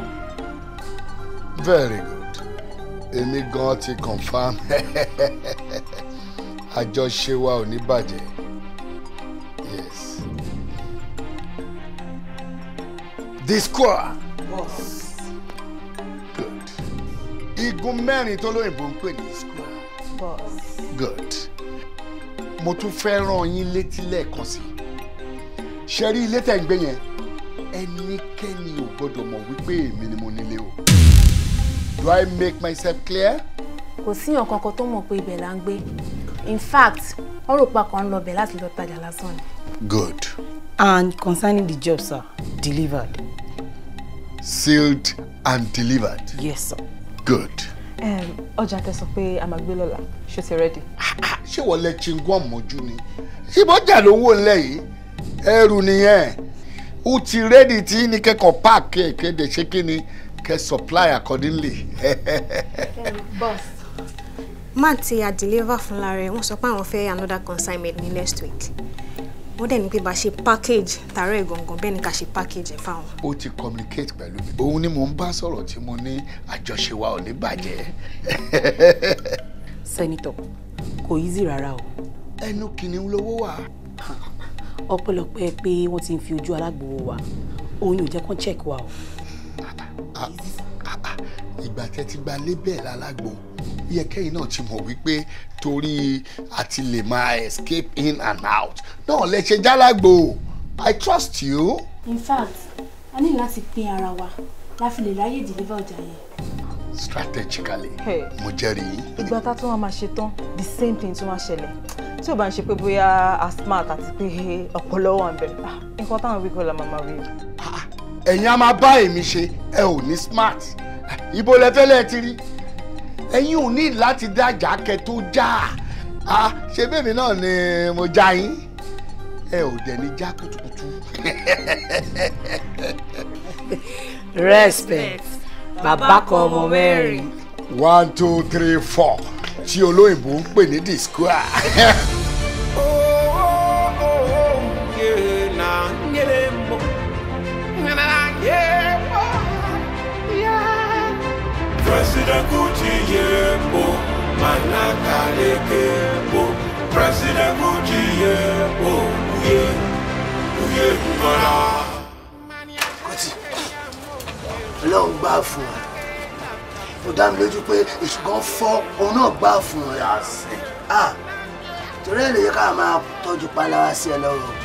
very good èmi gan ti confam àjọṣe wa ò ní bàjẹ́ yes. the square. Boss. good igun mẹ́rin tó lóyìnbó ń pè ní square. Boss. good mo tún fẹ́ rán yín létí lẹ́ẹ̀kan sí ṣe rí ilé tẹ̀ ń gbé yẹn ẹnikẹ́ni ò gbọ́dọ̀ mọ̀ wípé èmi ni mo nílé o do I make myself clear? kò síyàn kankan tó mọ̀ pé ibẹ̀ là ń gbé in fact wọ́n rò pa kan ń lọbẹ̀ láti lọ tajà lásán ni. good. and concerning the job sir delivered. sealed and delivered. yes sir. good. ọjà tẹ sọ pé a máa gbé lọ́la ṣó ti rẹ́dì. ṣé wọ́n lẹ chingon mọ́jú ni ṣé bọ́jà lówó ńlẹ̀ yìí ẹrù nìyẹn ó ti rẹ́dì tí ní kẹ́kọ̀ọ́ páàkì ẹ̀kẹ́dẹ̀ ṣé kí ni kẹ́ supply accordingly. boss Manti, I deliver from Larry. wọ́n sọ plan àwọn fẹ́ another consignment ní next week wọ́n then? ní pé package tààrọ̀ ìgangan bẹ́ẹ̀ ni ká ṣe package ẹ̀ fáwọn. ó ti communicate pẹ̀lú mi òun ni mò ń bá sọ̀rọ̀ tí mo ní àjọṣe wa ò ní bàjẹ́. sẹ́nitọ̀ kò easy rárá o. ẹnu Kini lówó wà. ọpẹ́lọpẹ́ pé wọ́n ti ń fi ojú alágbòho wa òun yóò jẹ́ kán check wa o. Ah, ah, ah. ìgbà tẹ́ ti gba lébẹ̀ lálágbó yẹ kẹ́yìn náà ti mọ̀ wípé torí àti lè máa escape in and out náà lè ṣe jálágbó i trust you. in fact a ní láti pín ara wa la lè ráyè deliver ọjà yẹn strategically. mo jẹ́rìí. ìgbà tá a tún wá máa ṣe tán the same thing tún wá ṣẹlẹ̀ tí ò bá ń ṣe pé bóyá a smart àti pé ọpọlọ wà ń bẹ̀rẹ̀ nǹkan táwọn wíkọ́ la máa máa wí ẹ̀yin á máa bá èmi ṣe ẹ ò ní smart ibo lẹ́fẹ́lẹ́ ti rí ẹ̀yin ò ní láti dájà kẹ tó já a ṣe bẹ́ẹ̀mi náà ni mo já yín ẹ ò dẹ̀ ní já kùtùkùtù. respect bàbá kan ọmọ mẹ́rin. one two three four tí olóyìnbó ń pè ní square. President Kujiyebo, Manakalekebo, President Kujiyebo, Uye, Uye Mọ́lá. Kọ́tì, Long gbà fún wa. Mo dá mi lójú pé èṣù kan fọ́ òun náà gbà fún wa. Torí èlò yìí ká máa you paláwa sí ẹ lọ́rùn.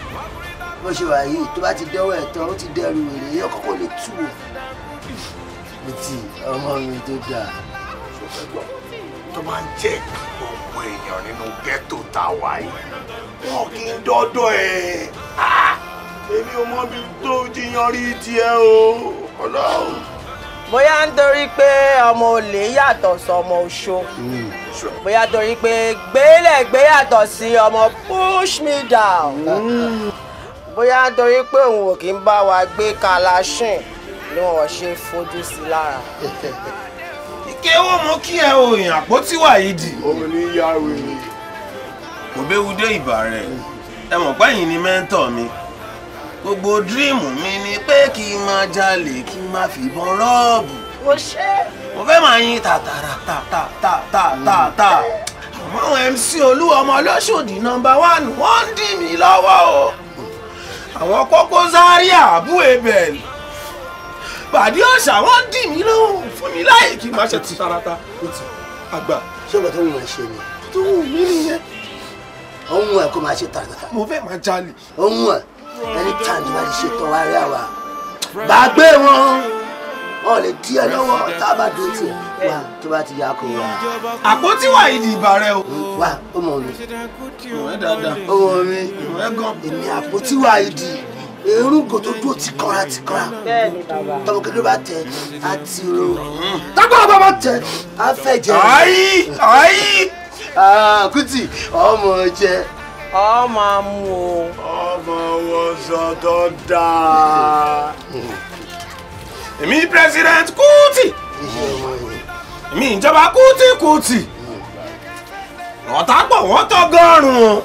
Bó ṣe wà yìí, tó bá ti dẹ́wọ́ ẹ̀ tán, ó ti dẹ́rù wèrè, Bìtì ọmọ mi tó dáa. Tó máa ń jẹ́ gbogbo èèyàn nínú ghetto tá a wà yìí. Wọ́n kì í dọ́dọ̀ ẹ̀. Ah! Èmi ò mọ ibi tó jiyàn rí tiẹ̀ o. Ọlọ́run. Bóyá nítorí pé ọmọ olè yàtọ̀ sọmọ oṣó. Hmm. Bóyá torí pé gbélẹ̀ gbé yàtọ̀ sí ọmọ push me down. Hmm. Bóyá nítorí pé òun ò kí ń bá wa gbé kalashin ni wọn ṣe fojú sí lára. ike wo mo kí ẹ òyìn àpótí wàyídì. òun ní yá wèrè. kò béwu dé ìbà rẹ ẹ mọ̀ pẹ́yìn ni mẹ́ńtọ̀ mi gbogbo dírímù mi ni pé kí n máa jalè kí n máa fìbọn rọ́ọ̀bù. mo ṣe. mo fẹ́ máa yin tàtàrà tàtàtàtàtà àmọ́ àwọn MC olú ọmọ ọlọ́ṣọ́dì nọmba one wọ́n ń dì mí lọ́wọ́ o àwọn kókó Zaria abu ebel pàdé ọ̀sà wọ́n dì mí lóhùn fún mi láyè kí n má ṣe ti tarata. àgbà ṣé ọgbà tó ń wọ̀ ẹ́ ṣe ni. tó wù mí nìyẹn. ọ̀hún ẹ̀ kó máa ṣe tarata. mo fẹ́ máa jalè. ọ̀hún ẹ̀ ẹni tàǹdì wà lè ṣe tán wá rí àwa. gbàgbé wọn ọ lè di ẹ lọ́wọ́ tá a bá dùn tiẹ̀ wá tó bá ti yá kó wá. àpótí wà ìdí ìbà rẹ o. wá ọmọ mi. ọmọ mi èmi àpótí wà ìdí èrúngò tó dúró ti kanra ti kanra tọmọ kí ló bá tẹ á ro tọgbọ́n bá bá tẹ á jẹ. ayi ayi. Kuti ọmọ jẹ. ọmọ amú o. ọmọ wọn sọ tó dáa. èmi president Kuti èmi ìjọba Kuti Kuti ọ̀tá pọ̀ wọ́n tọ́ gọ́rùn-ún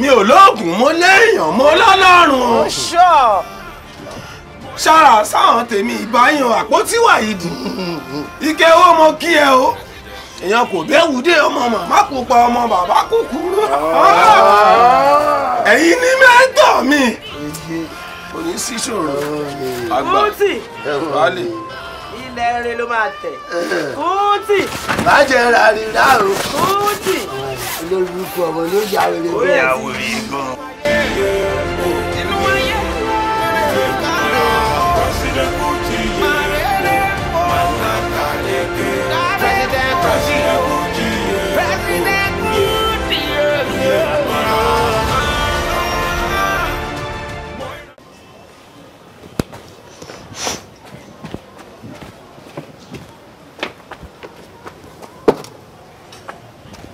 mi ò lóògùn mo léèyàn mo lọ́lọ́run. ṣọ́ oh, ṣára sáwọn tèmi ìbáyàn àpótí wàyí dùn ike owó mo kí ẹ o èèyàn kò béwùdé ọmọ màmá kò pa ọmọ bàbá kò kúrò ẹ̀yin ní mẹ́tọ̀ mi kò ní sí ṣòro àgbà ilẹ̀ rẹ ló máa tẹ̀. kúùtì. bàjẹ́ ra rí rá o. kúùtì. olórúkọ ọmọ ló yà wèrè i. ó yà wèrè gan.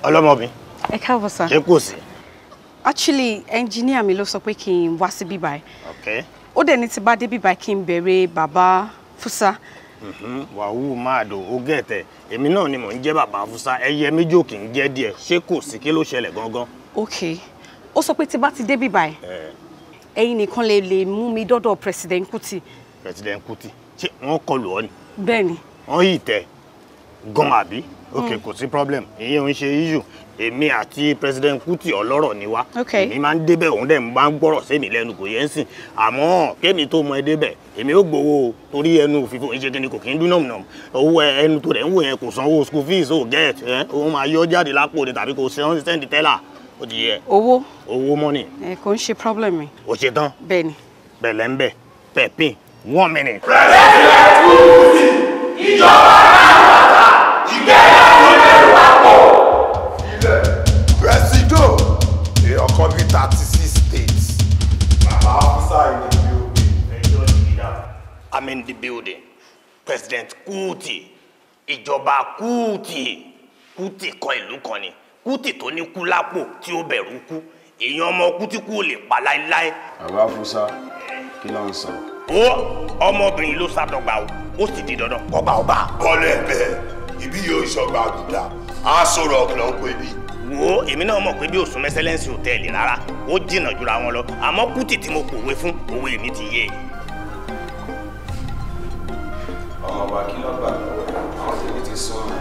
ọlọ́mọbìn. ẹ káàbọ̀ sá. ṣé kò sí. actually engineer mi ló sọ pé kí n wá sí bíbá ẹ. ok. ó dẹ̀ ní ti bá dé bíbá kí n bẹ̀rẹ̀ bàbá fúsá. Mhm. wàhù máa dò èmi náà ni mò ń jẹ́ bàbá fúsá ẹyẹ méjì ò kì í jẹ́ díẹ̀ ṣé kò sí kí ló ṣẹlẹ̀ gangan. ok ó sọ pé tí bá ti dé bíbá ẹ eh. ẹ̀yin nìkan lè lè mú mi dọ́dọ̀ president Kuti. president Kuti ṣé wọ́n kọlù ọ ni. bẹ́ẹ̀ni. wọ́n yìí tẹ gan àbí ok mm. kò sí problem ìyẹn ò ń ṣe issue èmi àti president Kuti ọlọ́rọ̀ ni wá èmi máa ń débẹ̀ òun dẹ̀ máa ń gbọ́rọ̀ sẹ́mi lẹ́nu kò yẹn sìn àmọ́ kémi tó mọ ẹ débẹ̀ èmi ò gbowó torí ẹnu òfìfo ìṣe kìnnìkan kò kí ń dún nàmùnàmù owó ẹnu tó rẹ̀ ń wò yẹn kò sanwó school fees ò get ẹ òun máa yọ jáde lápò rẹ̀ tàbí kò send teller ó ti yẹ. owó owó mọ́nì. ẹ kò ń ṣe problem mi. o ṣe tán. bẹ́ẹ̀ni. bẹ̀lẹ̀ ń bẹ̀ pẹ̀pin one minute. president Kuti ìjọba náà wà presido the building. president kuti ìjọba kuti kuti kan ìlú kan ni kuti tó ní kú lápò tí ó bẹ̀rù kú èèyàn ọmọ kuti kú ò lè pa láéláé. baba afusa kí ló ń sọ. ó ọmọbìnrin ló sá dọ́gba o ó sì di dandan kọgbà ọba. kọ́lé bẹ́ẹ̀ ibi yóò ṣọgbà àgùdà á sọ̀rọ̀ ọ̀kìlọ̀ ń pè mí. wo èmi náà mọ̀ pé bí òsùn mẹ́sẹ́lẹ́ǹsì hòtẹ́ẹ̀lì rárá ó jìnnà jura wọn lọ àmọ́ kùtì tí mo pòwe fún òwe mi ti yé. ọmọ wa kí ló gbà lọ́wọ́ àwọn tèmi ti sọ ọ́n.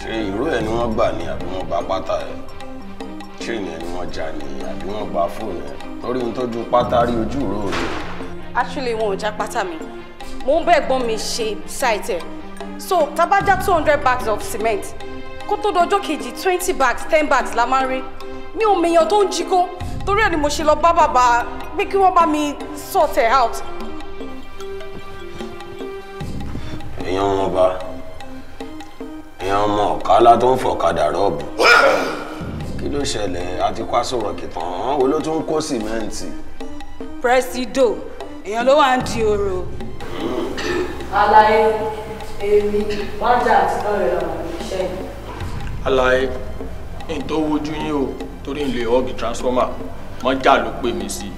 ṣé ìró ẹ̀ ni wọ́n gbà ní àbí wọ́n gba pátá ẹ̀ tíìnì ẹ̀ ni wọ́n jà ní àbí wọ́n gba fóònù ẹ̀ torí n tójú pátá rí ojú ìró òde. actually wọn ò já pátá mi mò ń bẹ́ẹ̀ gbọ́n mi ṣe site so tá bá two hundred bags of cement kó tó dọjọ́ kejì twenty bags ten bags la máa ń rí mi ò mèèyàn tó ń jí kó torí ẹ̀ ni mo ṣe lọ bá bàbá pé kí wọ́n bá mi sort ẹ̀ out. èèyàn ọmọ ọba èèyàn ọmọ ọ̀kálá tó ń fọ̀kadà rọ́ọ̀bù kí ló ṣẹlẹ̀ àti kwásòrò kìtàn án wo ló tún ń kó sìmẹ́ǹtì. presido èèyàn ló wà ń di oro. alaye. Hmm èmi wájà àti lọ́rẹ̀ làwọn iṣẹ́ yìí. alaye n tó wojú yín o torí n lè ọ́ọ̀gì transformer mọ́jà ló pè mí sí.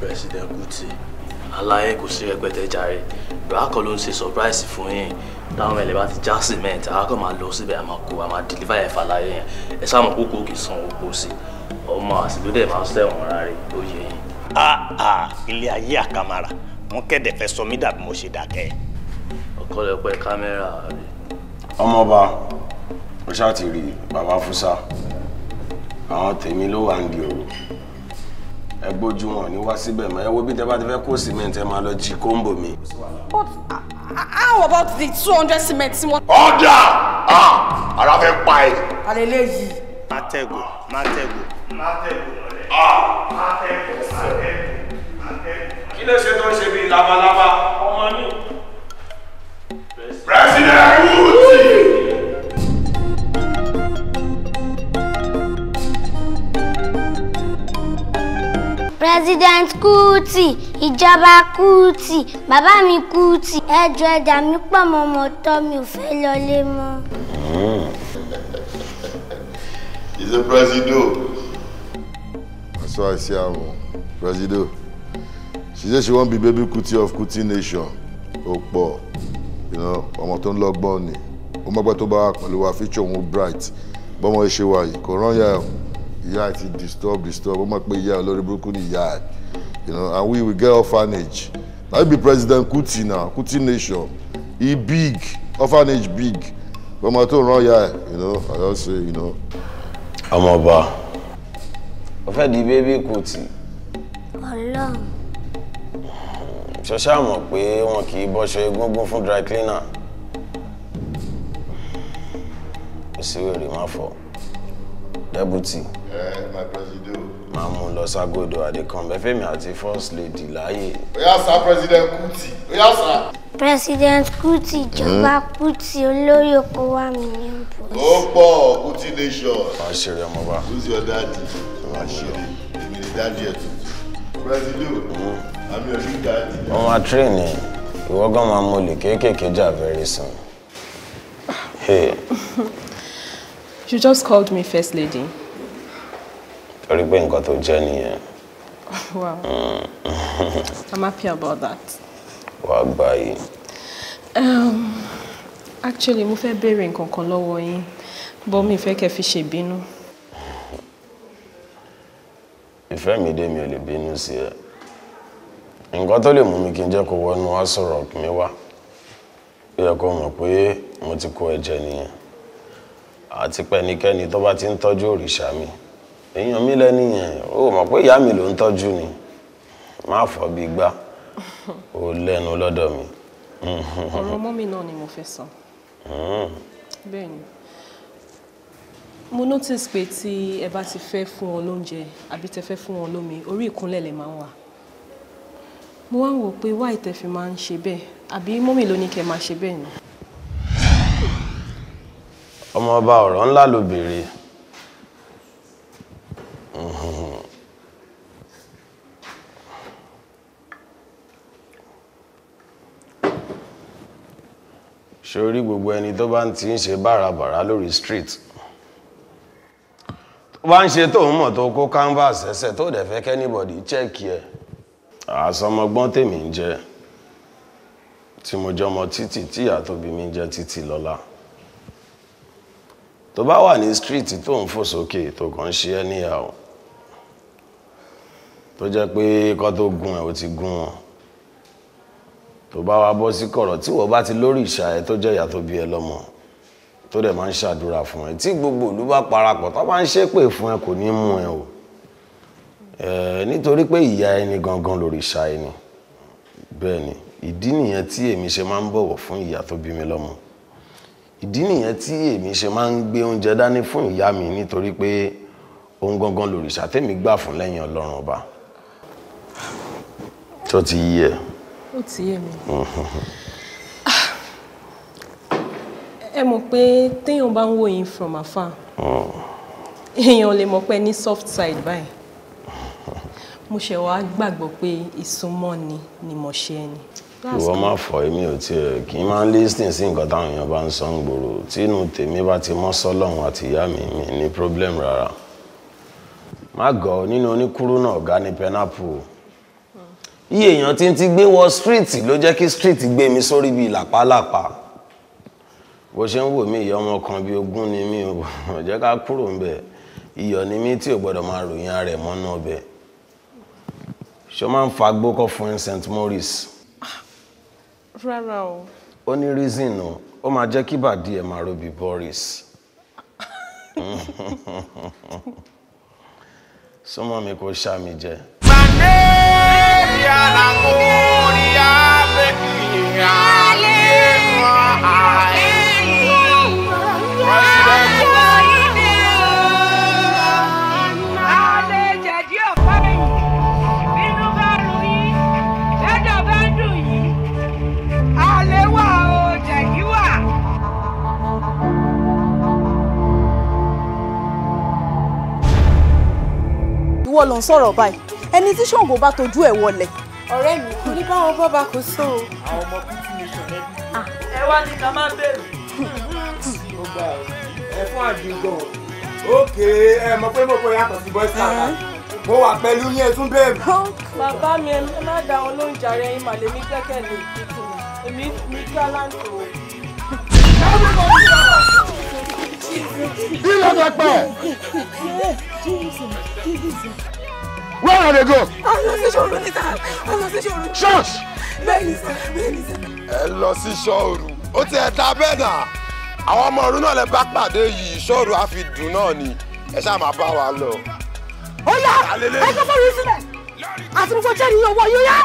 president Kuti alaye kò sí rẹpẹtẹ jàre bàákọ ló ń ṣe surprise fún yín táwọn ẹlẹ bá ti já cement àákọ máa lọ síbẹ̀ àmọ́ kó àmọ́ deliver ẹ̀fà láyé yẹn ẹ sáàmù kókó kì í san owó sí ọmọ àsìlú dẹ̀ máa sẹ́wọ̀n ara rẹ̀ tó yẹ yín. Ah, ah, ilé ayé àkàmàrà wọn kẹ́dẹ̀ fẹ́ sọ mí dàbí mo ṣe dákẹ́ kọlẹpẹ kámẹ́rà rẹ. ọmọọba ó ṣáà ti rí bàbá fúsà àwọn tèmi ló wà ń di òru ẹ gbójú wọn ní wá síbẹ̀ mọ́ ẹ wo bí tẹ bá ti fẹ́ kó cement ẹ máa lọ jí kóńbò mi. but how about the two hundred cement tí wọ́n. ọ̀dà ah! ara fẹ́ pa ẹ̀. alẹ́ léyìí. má tẹ̀gò má tẹ̀gò. Ah! má tẹ̀gò ọ̀rẹ́. má tẹ̀gò má tẹ̀gò má tẹ̀gò. kí ló ṣe tó ń ṣe bíi labalábá ọmọ mi. President Woods. President Kuti, ìjọba Kuti, bàbá mi Kuti, ẹjọ́ ẹ̀dà mi pọ̀ mọ́ ọmọ tọ́ mi ò fẹ́ lọlé mọ́. Mm. He's a presido. That's why I see her own. She said she won't be baby Kuti of Kuti Nation. Ọ̀pọ̀. Oh, ọmọ tó ń lọ́gbọ́n ni ó mọ́gbẹ́ tó bá wà pẹ̀lú wa fíjọ òun bright bọ́mọ ṣe wà yìí kò rán yà ìyá àti disturb disturb ó mọ̀ pé ìyá olórí burúkú ni ìyá ẹ̀ you know and we will get orphanage na be president Kuti now. Kuti nation He big orphanage big bọ́mọ tó rán yà ẹ̀ you know I don say you know. ọmọ ọba ọfẹ di baby Kuti. ṣọṣẹ́ àmọ̀ pé wọn kì í bọ́ṣọ egúngún fún dry cleaner kò sí wèrè má fọ deputy máa mú lọ ságodo àdìkànbẹ fèmí àti first lady láàyè. oya sá president Kuti oya sá. president Kuti ìjọba hmm? Kuti olórí oko wa mi ní bọ́ọ̀sì. ó pọ̀ Kuti nation. wàá ṣeré ọmọba. who's your daddy? wàá ṣeré èmi ni daddy ẹ̀ tuntun. president. Mm -hmm wọ́n máa tírèènì ìwọ gan máa mú olè kéékèèké jà very soon. you just called me first lady. torí pé nǹkan tó jẹ́ nìyẹn. wow mm. i'm happy about that. wàá gbà yìí. Um, actually mo fẹ́ béèrè nǹkan kan lọ́wọ́ yín bọ́ mi fẹ́ kẹ́ fi ṣèbínú. ìfẹ́ mi dé mi ò lè bínú sí ẹ nǹkan tó lè mú mi kí n jẹ́ kó wọnú wá sọ̀rọ̀ mi wá ó yẹ kó mọ̀ pé mo ti kó ẹ̀jẹ̀ nìyẹn àti pé ẹnikẹ́ni tó bá ti ń tọ́jú òrìṣà mi èèyàn mi lẹ́ni yẹn ó mọ̀ pé ìyá mi ló ń tọ́jú ni má fọ́ bí gbá ó lẹ́nu lọ́dọ̀ mi. ọ̀rọ̀ mọ́mí náà ni mo fẹ́ sọ hmm. bẹ́ẹ̀ ni mo notice pé tí ẹ bá ti fẹ́ fún wọn lóúnjẹ àbí tẹ fẹ́ fún wọn lómi orí ìkúnlẹ̀ lè máa ń wà mo wá ń wò pé wáì tẹ́ fi máa ń ṣe bẹ́ẹ̀ àbí mọ́mì ló ní kẹ́ máa ṣe bẹ́ẹ̀ ni. ọmọọba ọ̀rọ̀ ńlá ló béèrè ṣorí gbogbo ẹni tó bá ti ń ṣe bárabàrá lórí street tó bá ń ṣe tó mọ̀ tó kó canvas ẹsẹ̀ tó dẹ̀ fẹ́ kẹ́nìbọ̀dì chẹ́ẹ̀kì ẹ̀ àsọmọgbọ́n tèmi ń jẹ́ tí mo jẹ́ ọmọ títì tí ìyá tó bí mi ń jẹ́ títì lọ́la tó bá wà ní street tó ń fò sókè tó kàn ń ṣe ẹ́ níyàwó tó jẹ́ pé kọ́ tó gun ẹ̀ ò ti gun wọn tó bá wá bọ́ sí kọ̀rọ̀ tí wọ́n bá ti lórí ìṣà ẹ tó jẹ́ ìyá tó bí ẹ lọ́mọ tó dẹ̀ máa ń ṣàdúrà fún ẹ tí gbogbo ìlú bá parapọ̀ tó bá ń ṣépè fún ẹ kò ní mú ẹ o. Eh, nítorí pé ìyá ẹni gangan lòrìṣà ẹni bẹ́ẹ̀ ni ìdí nìyẹn tí èmi ṣe máa ń bọ̀wọ̀ fún ìyá tó bí mi lọ́mọ ìdí nìyẹn tí èmi ṣe máa ń gbé oúnjẹ dání fún ìyá mi nítorí pé ohun gangan lòrìṣà tèmi gbà fún lẹ́yìn ọlọ́run ọba tó ti yí ẹ. ó ti yé mi. Mm-hmm. Ah! ẹ mọ̀ pé téèyàn bá ń wò yín from afar mm. èèyàn lè mọ̀ pé ní soft side báyìí mo ṣe wá gbàgbọ́ pé ìsúnmọ́ni ni mo ṣe ẹni. ìwọ máa fọ èmi ò tiẹ̀ kì í máa ń lísìn sí nǹkan táwọn èèyàn bá ń sọ ń gbòòrò tínú tèmi bá ti mọ́ sọ́lọ́run àti ìyá mi mi ní problem rárá má gọ̀ ọ́ nínú oníkúrú náà ọ̀gá ní pẹ́nápù o èèyàn tí ń ti gbé wọ street ló jẹ́ kí street gbé mi sórí bíi làpálàpá bó ṣe ń wò mí ìyá ọmọ kan bíi ogún ni mí ò jẹ́ ká kúrò ń bẹ̀ iyọ̀ ni mí tí ò gbọ́dọ̀ máa ròyìn ara ẹ̀ mọ́nú ọbẹ̀ ṣé o máa ń fagbó kọ́ fún st maurice. rárá o. ó ní reason o ó máa jẹ́ kí bàdí ẹ̀ máa robi boris. súnmọ́ mi kò ṣá mi jẹ. Nàìjíríà làkúrò ní àbẹ̀kì ìyá lè mọ àyè. ìwọ ló ń sọ̀rọ̀ báyìí ẹni tí Ṣàngó bá tojú ẹ̀ wọlé. ọ̀rẹ́ mi kò ní báwọn bọ́ba kò sọ o. àwọn ọmọ bíbí mi sọ lẹ́bi. Ah. ẹ wá ní ká má bẹ̀rù. ó gbà ẹ fún àdìgàn òkè ẹ mọ̀ pé mo kọ yàtọ̀ sí bọ́ìsì àbá eh? mo wà pẹ̀lú yẹn tún bẹ́ẹ̀mù. bàbá mi ẹ má da àwọn olóúnjẹ ara yín màlẹ mi gbẹ́kẹ̀lé èmi mi gbá láǹtò. Ilẹ̀ dẹ̀pẹ̀. Where are they go? A lọ sí ṣọ́ọ̀rù níta. A lọ sí ṣọ́ọ̀rù. Church. Bẹ́ẹ̀ni sá, bẹ́ẹ̀ni sá. Ẹ lọ sí ṣọ́ọ̀rù. Ó ti ẹ̀ta bẹ́ẹ̀ náà. Àwọn ọmọ ọ̀run náà lẹ bá pàdé yìí. Ṣọ́ọ̀rù á fi dùn náà ni. Ẹ ṣáà máa bá wa lọ. Ó yá, ẹ kọ́ fọ́ọ̀rù sílẹ̀. Àtúnkọ́ jẹ́ ìyẹn owó yóò yá.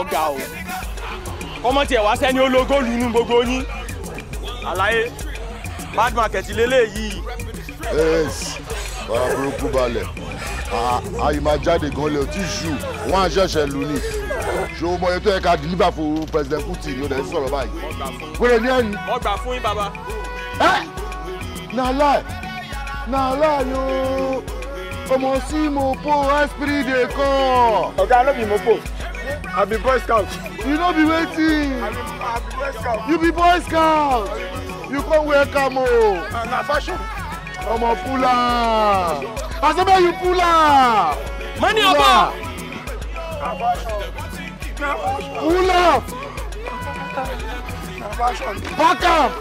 ọ̀gá o kọ́mọ tiẹ̀ wá sẹ́ni ológóòlù nínú gbogbo yín àlàyé bad market lélẹ́yìí. yes bàbá burúkú balẹ̀ àyè máa jáde gan lè tí ṣù wọ́n á ṣẹ̀ṣẹ̀ lù ní ṣòwò mọ̀ ètò ẹ̀ka dìlíbà fún president Kuti ló dẹ̀ sọ̀rọ̀ báyìí wẹ́rẹ́ ní ẹ̀yìn. mo gbà fún yín bàbá. ẹ na lie na yo ọmọ sí mo po esprit de corps. ọ̀gá ló bí mo po i be boy scout you no be waiting. I be Boy Scout. you be boy scout you come wear oh. camo na fashion ọmọ pula asebe you pula mani ọba pula back up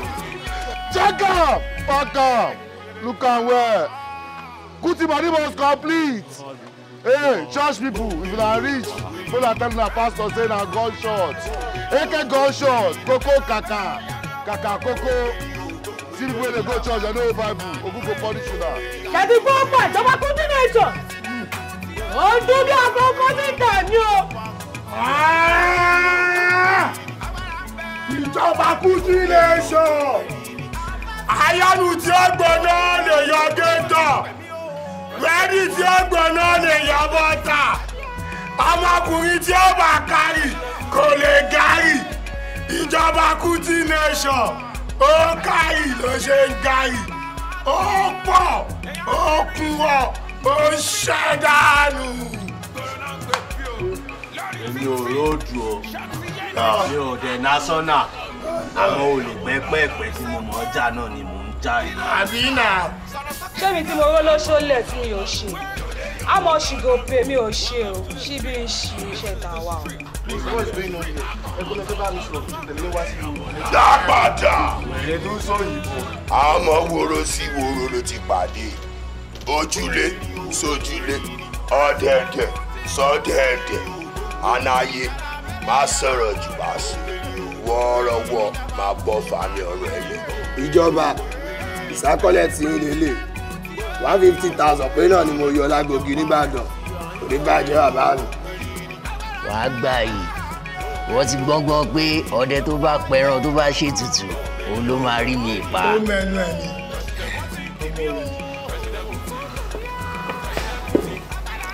check up back up look am well kuti body must complete. Hey, church people, if you are rich, people are telling our pastor say na gunshot. Eke gunshot, koko kaka, kaka koko. See the way they go church, I know Bible. Ogun go punish you now. Kẹ̀bí fún ọ̀pọ̀ ìjọba kọ́ńtínẹ̀tọ̀. Ó ń dún bí àkókò níta ni o. Ìjọba kọ́ńtínẹ̀tọ̀. Ayánu tí ó gbóná lè yọ géńtọ̀ rẹ́dì tí ó gbóná lè yọ bọ́tà ọmọkùnrin tí ó bá kárì kò lè gárì ìjọba Kuti nation ó kárì ló ṣe ń gárì ó pọ̀ ó kún ọ ó ṣẹ́dánù. èmi ò róòdù o mi ò dẹ̀ násánà àwọn olùpẹ́pẹ́pẹ́ tí mo mọ̀ ọ́ jà náà ni mo àbínà. ṣé mi tí mo ró lóṣó lẹ̀ tí mi ò ṣe àmọ́ ṣìgò pé mi ò ṣe o ṣí bí n ṣe iṣẹ́ tàwa o. please what's going on here ẹgbẹ́ lọ́jọ́ bá mi sọ̀rọ̀ fún tẹ̀lé wá sí i. dá padà. ẹ̀ẹ́dù sọ yìí. àmọ́ woro sí woro ló ti pàdé ojúlé sójúlé ọ̀dẹ̀ẹ̀dẹ̀ sọ́dẹ̀ẹ̀dẹ̀ anáyé má sọ̀rọ̀ jù bá sí wọ́ọ́rọ́wọ́ máa bọ́ fani ọ̀rọ̀ ẹ̀yẹ. ìjọba ìsákọ́lẹ̀ tí ń lélẹ̀ one fifty thousand pé náà ni mo yọ lágbòógì nígbàdàn kò ní bàjẹ́ bàbá mi. wàá gbà yìí wọ́n ti gbọ́ngbọ́n pé ọdẹ tó bá pẹran tó bá ṣètùtù òun ló máa rí mi pa. ó mẹ́nu ẹ̀ ní.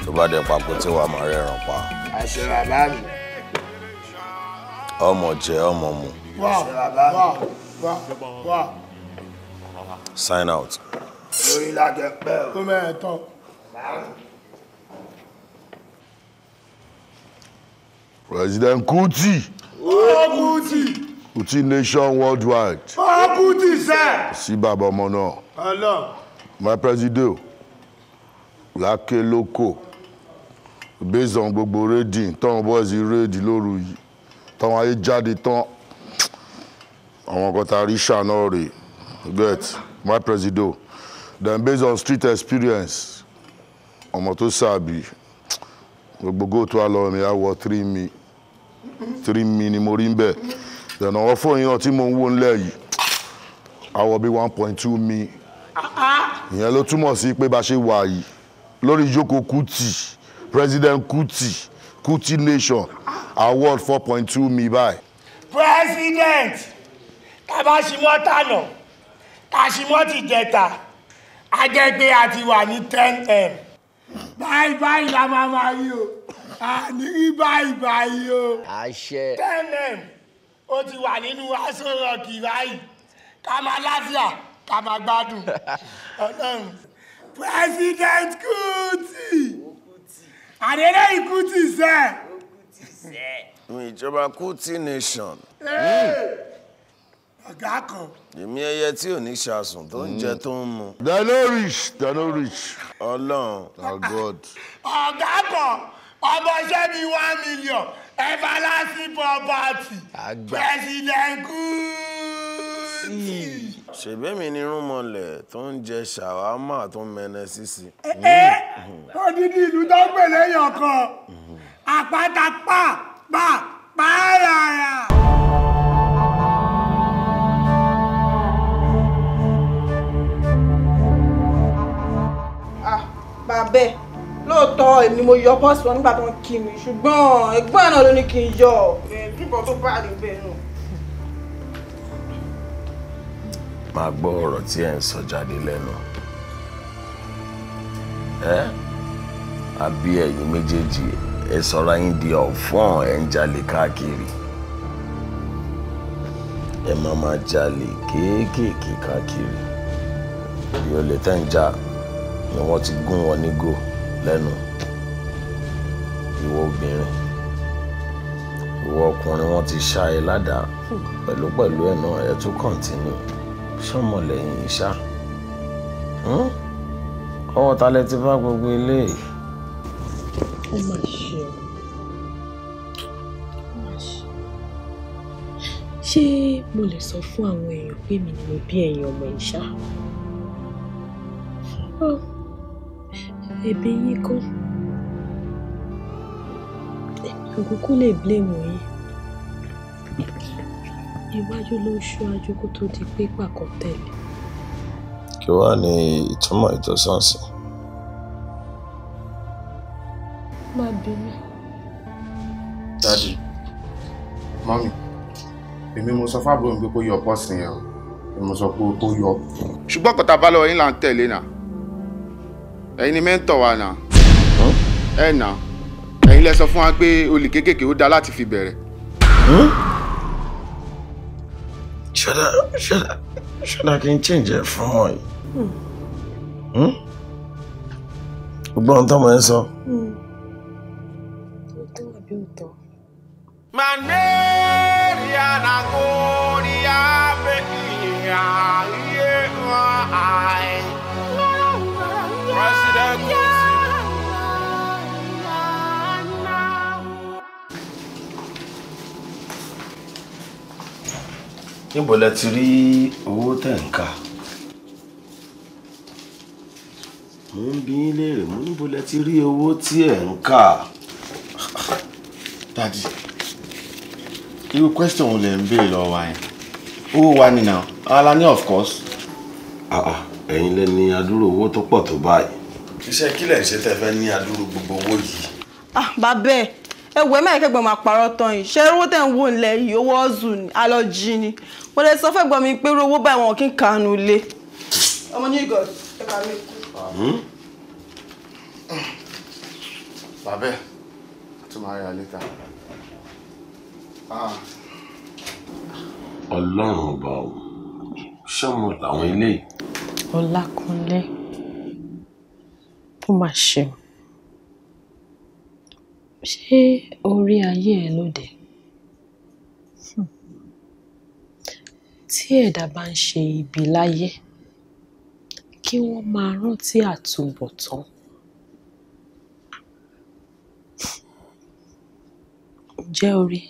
tó bá dẹ̀ papò tí wàá máa rẹ̀ràn pa. àṣẹ bàbá mi. ọmọ jẹ ọmọ mu. wá wá wá wá sign out. President Kuti. Oh Kuti. Kuti nation worldwide. Oh Kuti sir. Sí Baba Mono. Hello. My president Lákè Lóko based on gbogbo raiding táwọn boys raid lóru yìí táwọn ayé jáde tán àwọn kan tá a rí ṣàná rè get my president, then based on street experience ọmọ tó sáàbì gbogbo góòtù àlọ́ mi á wọ three mi three mi ni mo rí ń bẹ̀ then ọwọ́ fóyín náà tí mo ń wò ńlẹ̀ yìí á wọ bí one point two mi ìyẹn ló túmọ̀ sí pé bá ṣe wà yìí lórí ìjókòó Kuti president Kuti Kuti nation award four point two mi báyìí. president tabasimu ọ̀tànà àṣìmọ́tì jẹta a jẹ́ pé a ti wà ní ten m. báyìí báyìí la máa máa rí o àní rí báyìí báyìí o. àṣẹ. ten m ó ti wà nínú aṣọ rọ̀kì báyìí ká máa láfíà ká máa gbádùn ọlọ́run. president Kuti àdéhùn Kuti Sir. We Kuti nation. Hey. Mm ọ̀gá kan. èmi ẹyẹ tí ò ní ṣàsùn tó ń jẹ mm. tó ń mu. dano rich dano rich. Ọlọ́run our oh, God. ọ̀gá kan ọmọ mi one million everlasting property president kuti. Hmm. ṣèbẹ́mi ni rúmọlẹ̀ tó ń jẹ ṣàwámà tó ń mẹ́nẹ sísì. ẹ eh, ẹ eh, odidi ìlú tó ń pè lẹ́yìn ọkọ hmm. àpáta pa pa pààyà. látara bẹ́ẹ̀ lóòótọ́ èmi mo yọ pọ́ọ̀sì wọn nígbà tó ń kí mi ṣùgbọ́n ẹ̀gbọ́n ẹ̀ náà ló ní kí n yọ kíkọ́ tó bá rí bẹ́ẹ̀ nù. máa gbọ́ ọ̀rọ̀ tí ẹ̀ ń sọ jáde lẹ́nu ẹ́ àbí ẹ̀yin méjèèjì ẹ sọra yín di ọ̀fọ́n ẹ̀ ń jalè káàkiri ẹ máa máa jalè kéékèèké káàkiri bí olè tẹ́ ń jà ni wọ́n ti gún wọn nígò lẹ́nu ìwọ obìnrin ìwọ ọkùnrin wọ́n ti ṣá ẹ ládàá pẹ̀lú pẹ̀lú ẹ̀ náà ẹ̀ tún kọ̀ǹtínú sọ́mọlẹ́yìn ìṣá hmm? ọwọ́ ta lẹ ti bá gbogbo ilé yìí. ó mà ṣe ó mà ṣe ṣé mo lè sọ fún àwọn èèyàn pé mi ni mo bí ẹ̀yin ọmọ ìṣá. ẹ̀bi yín kọ́ èmi kúkú lè blame yín iwájú ló ń ṣíwájú kó tó di pé pàkọ́ tẹ̀lé. kí wàá ní ìtumọ̀ ìtọ́sọ́ọ̀sì. má bínú. dadi mọ́mí èmi mo sọ fábùrò mi pé kó yọ pọ́sìn yẹn o èmi mo sọ pé kó yọ. ṣùgbọ́n kọ́tà bá lọ yín là ń tẹ̀lé náà ẹ̀yin ni mẹ́ńtọ̀ wa nà ẹ̀ nà ẹ̀yin lẹ sọ fún wa pé olè kéékèèké ó dáa láti fi bẹ̀rẹ̀. ṣọdá ṣọdá ṣọdá kí n chíǹjẹ fún ọmọ yìí hmm. Hmm? gbogbo ohun tọmọ ẹ sọ. Maneria na gloria, baby, I am. níbo lẹ ti rí owó tẹ̀ ń kà mo ń bi yín léèrè mo níbo lẹ ti rí owó tí ẹ̀ ń kà dadi irú question wo lẹ ń béèrè lọ́wọ́ wa yẹn owó wa ni now ala ni of course. Ah, ah, ẹ̀yin lẹ́ni adúrò owó tó pọ̀ tó báyìí. iṣẹ́ kílẹ̀ ń ṣe tẹ́ fẹ́ ní adúrò gbogbo owó yìí. Ah, bàbá ẹ̀ ẹwù ẹ mẹ́rin kẹgbọ́n máa parọ́ tán yìí ṣé owó tẹ̀ ń wò nílẹ̀ yìí owó ọ̀zù alọ́jì ni mo lè sọ fẹ́ gbọ́n mi pé owó báyìí wọn kì í kànú lé. ọmọ ní ìgò ẹ bá mi kú. Hmm? bàbá ẹ tún máa yà létà. Ah. ọlọ́run ọba o ṣé mo làwọn eléyìí. ọlákúnlé ó máa ṣeun ṣé orí ayé ẹ lóde tí ẹ̀dá bá ń ṣe ibi láyé kí wọ́n máa rántí àtúbọ̀tán ǹjẹ́ o rí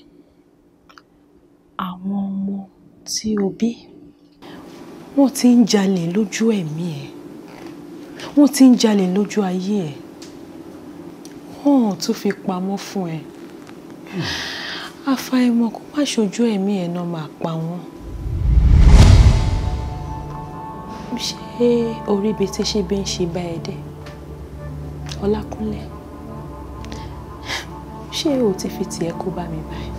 àwọn ọmọ tí o bí wọ́n ti ń jalè lójú ẹ̀mí ẹ wọ́n ti ń jalè lójú ayé ẹ kàn tún fi pamọ́ fún ẹ àfàìmọ̀ kó má ṣojú ẹ̀mí ẹ̀ náà máa pa wọ́n. ṣé orí ibi tí ṣe bí ń ṣe bá ẹ dé Ọlákúnlé ṣé o ti fi tiẹ̀ kó bá mi báyìí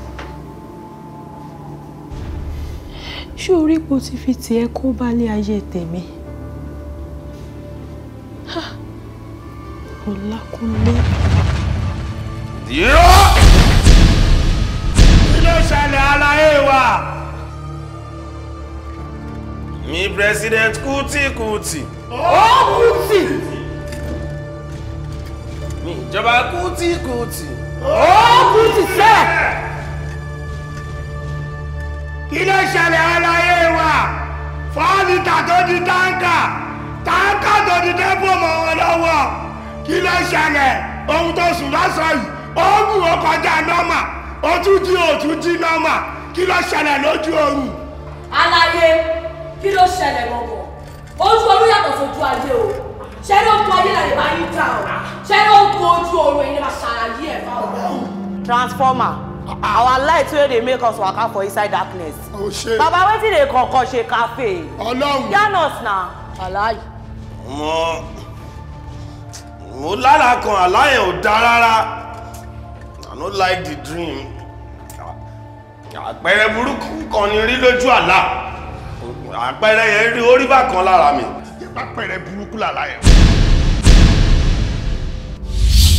ṣé orí ipò ti fi tiẹ̀ kó bá lé ayé tèmi Ọlákúnlé yóò kí ló ṣẹlẹ̀ aláyé wa mi president Kuti Kuti ó Kuti mi ìjọba Kuti Kuti ó Kuti sẹ́ẹ̀ kí ló ṣẹlẹ̀ aláyé wa fọ́ọ̀lìtà tó di táǹkà táǹkà tó di dẹ́gbọ̀mọ̀ wọn lọ́wọ́ kí ló ṣẹlẹ̀ ohun tó sùn lásán yìí oògùn ó kọjá nọ́mà ó jí ó jí nọ́mà kí ló ṣẹlẹ̀ lójú oorun. aláyé kí ló ṣẹlẹ̀ gbọ̀ngàn ojú oorun yàtọ̀ sójú ayé o ṣé ló kọ ayé làyè bá yín dá o ṣé ló kọ ojú oorun yìí máa ṣàlàyé ẹ̀ bá ọ̀rọ̀. transformer ah. our light wey dey make us waka for inside darkness. o ṣe baba wetin dey kankan ṣe cafe. Ọlọ́run yarn us na. alayi. mo mo lára kan àlá yẹn ò dáa rárá no like the dream àpẹẹrẹ burúkú kan ni rí lójú àlá àpẹẹrẹ yẹn rí orí bákan lára mi. àpẹẹrẹ burúkú làlá yẹn.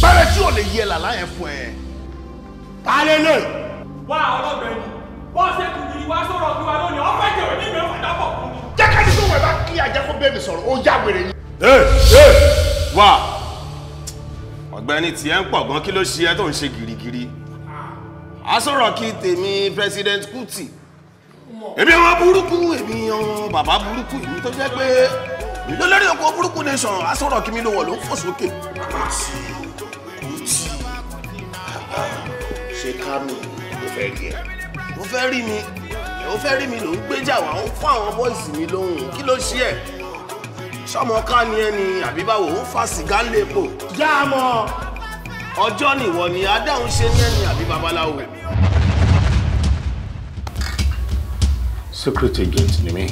pẹ́rẹ́ tí ò lè yẹ làlá yẹn fún ẹ. ta lè lè. wá ọlọ́bẹ̀ ni wọ́n ṣe kùnìyàn wá sọ̀rọ̀ bí wa lónìí ọ̀fẹ́ jẹ̀wé ní ìgbẹ́ fún ìdábọ̀ fún mi. jẹ́ ká ní sọ̀rọ̀ ẹ bá kí ajá kó bẹ́ẹ̀ mi sọ̀rọ̀ ó yá wèrè ni. ẹ ẹ wá ọ̀gbẹ́ni tí ẹ ń pọ̀ gan kí ló ṣe ẹ tó ń ṣe gìrìgìrì asọ̀rọ̀ kí tèmi president Kuti èmi ọmọ burúkú èmi ọmọ bàbá burúkú èmi tó jẹ́ pé mi ló burúkú nation asọ̀rọ̀ kí mi ló wọ̀ ló ń fò sókè. Kuti ṣe ká mi mo fẹ́ rí ẹ. mo fẹ́ rí mi mo fẹ́ rí mi ló ń gbéjà wá ó fún àwọn bọ́ìsì mi lóhùn kí ló ṣe ẹ̀ sọmọ ká ni ẹ ni àbí báwo ó fa sìgá lépo. já a mọ. ọjọ́ nìwọ ni adáhùn ṣe ní ẹni àbí babaláwo. secret agent ni mí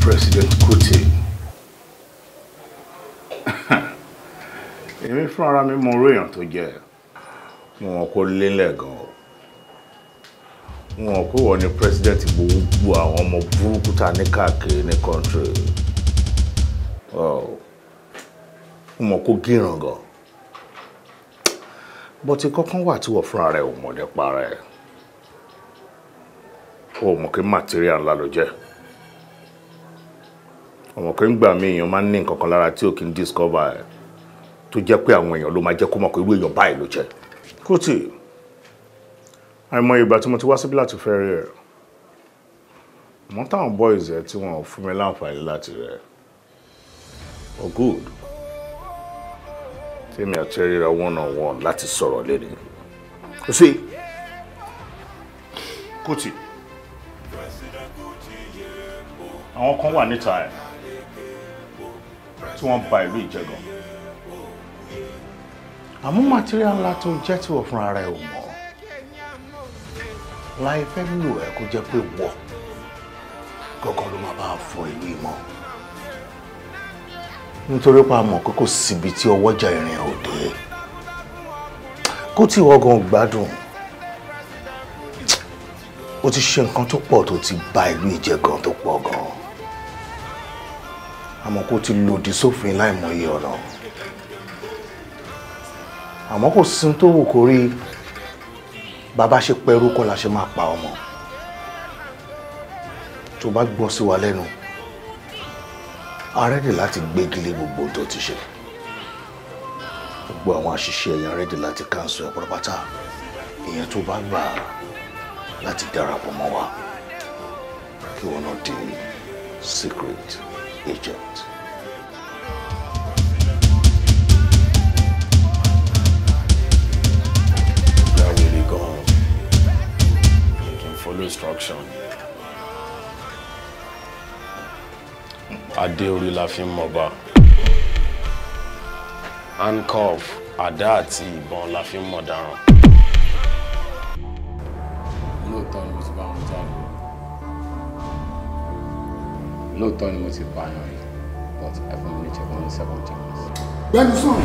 president Kuti èmi fúnra mi mọ orí èèyàn tó jẹ wọn kò lélẹ̀ gan-an. wọn pé wọn ni president gbogbo àwọn ọmọ burúkú ta ní káàkiri ní country mọ̀ kó gíràn gan wà tí wọ́n fúnra rẹ̀ ò mọ̀ nípa o kí material ńlá ló jẹ́ ọmọ kí ń gbà mí èèyàn máa ń ní nǹkan kan lára tí ò kí ń discover àìmọ ìgbà tí mo ti wá síbí láti fẹ́ rí ẹ̀ wọ́n táwọn boys ẹ̀ tí wọ́n fún mi láǹfààní láti rẹ̀ ọ̀ good tèmi àti ẹ̀ríra one on one láti sọ̀rọ̀ lẹ́nu kò sí kùtì àwọn kan wà níta ẹ̀ tí wọ́n ba ìlú ìjẹ́gàn àmú material ńlá tó jẹ́ tí wọ́n fúnra rẹ̀ ò mọ̀ láì fẹ́ lò ẹ́ kó jẹ́ pé wọ̀ kọ́kọ́ ló máa bá a fọ ìlú ìmọ̀ nítorí pa mọ̀ pé kò síbi tí ọwọ́jà ìrìn òde kó tí wọ́n gan gbádùn ó ti ṣe nǹkan tó pọ̀ tó ti bà ìlú ìjẹ́ gan tó pọ̀ gan àmọ́ kó ti lòdì sófin láìmọye ọ̀nà àmọ́ kò sí tó wù kó rí i bàbá ṣe pẹ́rú kọ́ la ṣe máa pa ọmọ tó bá gbọ́ sí wa lẹ́nu arẹ́dì láti gbégilé gbogbo tó ti ṣe gbogbo àwọn àṣìṣe ẹ̀yìn arẹ́dì láti káńsù ọ̀pọ̀ pátá ìyẹn tó bá gbà láti darapọ̀ mọ́ wa kí wọn náà di secret agent. pẹ̀lú instruction adé orí la fi ń mọba handcuff àdá àti ìbọn la fi ń mọ̀daràn. lóòótọ́ ni mo ti bá wọn jáde lóòótọ́ ni mo ti pààyàn rí but i fún mi ní check on the second chance. gbẹ́nu sàn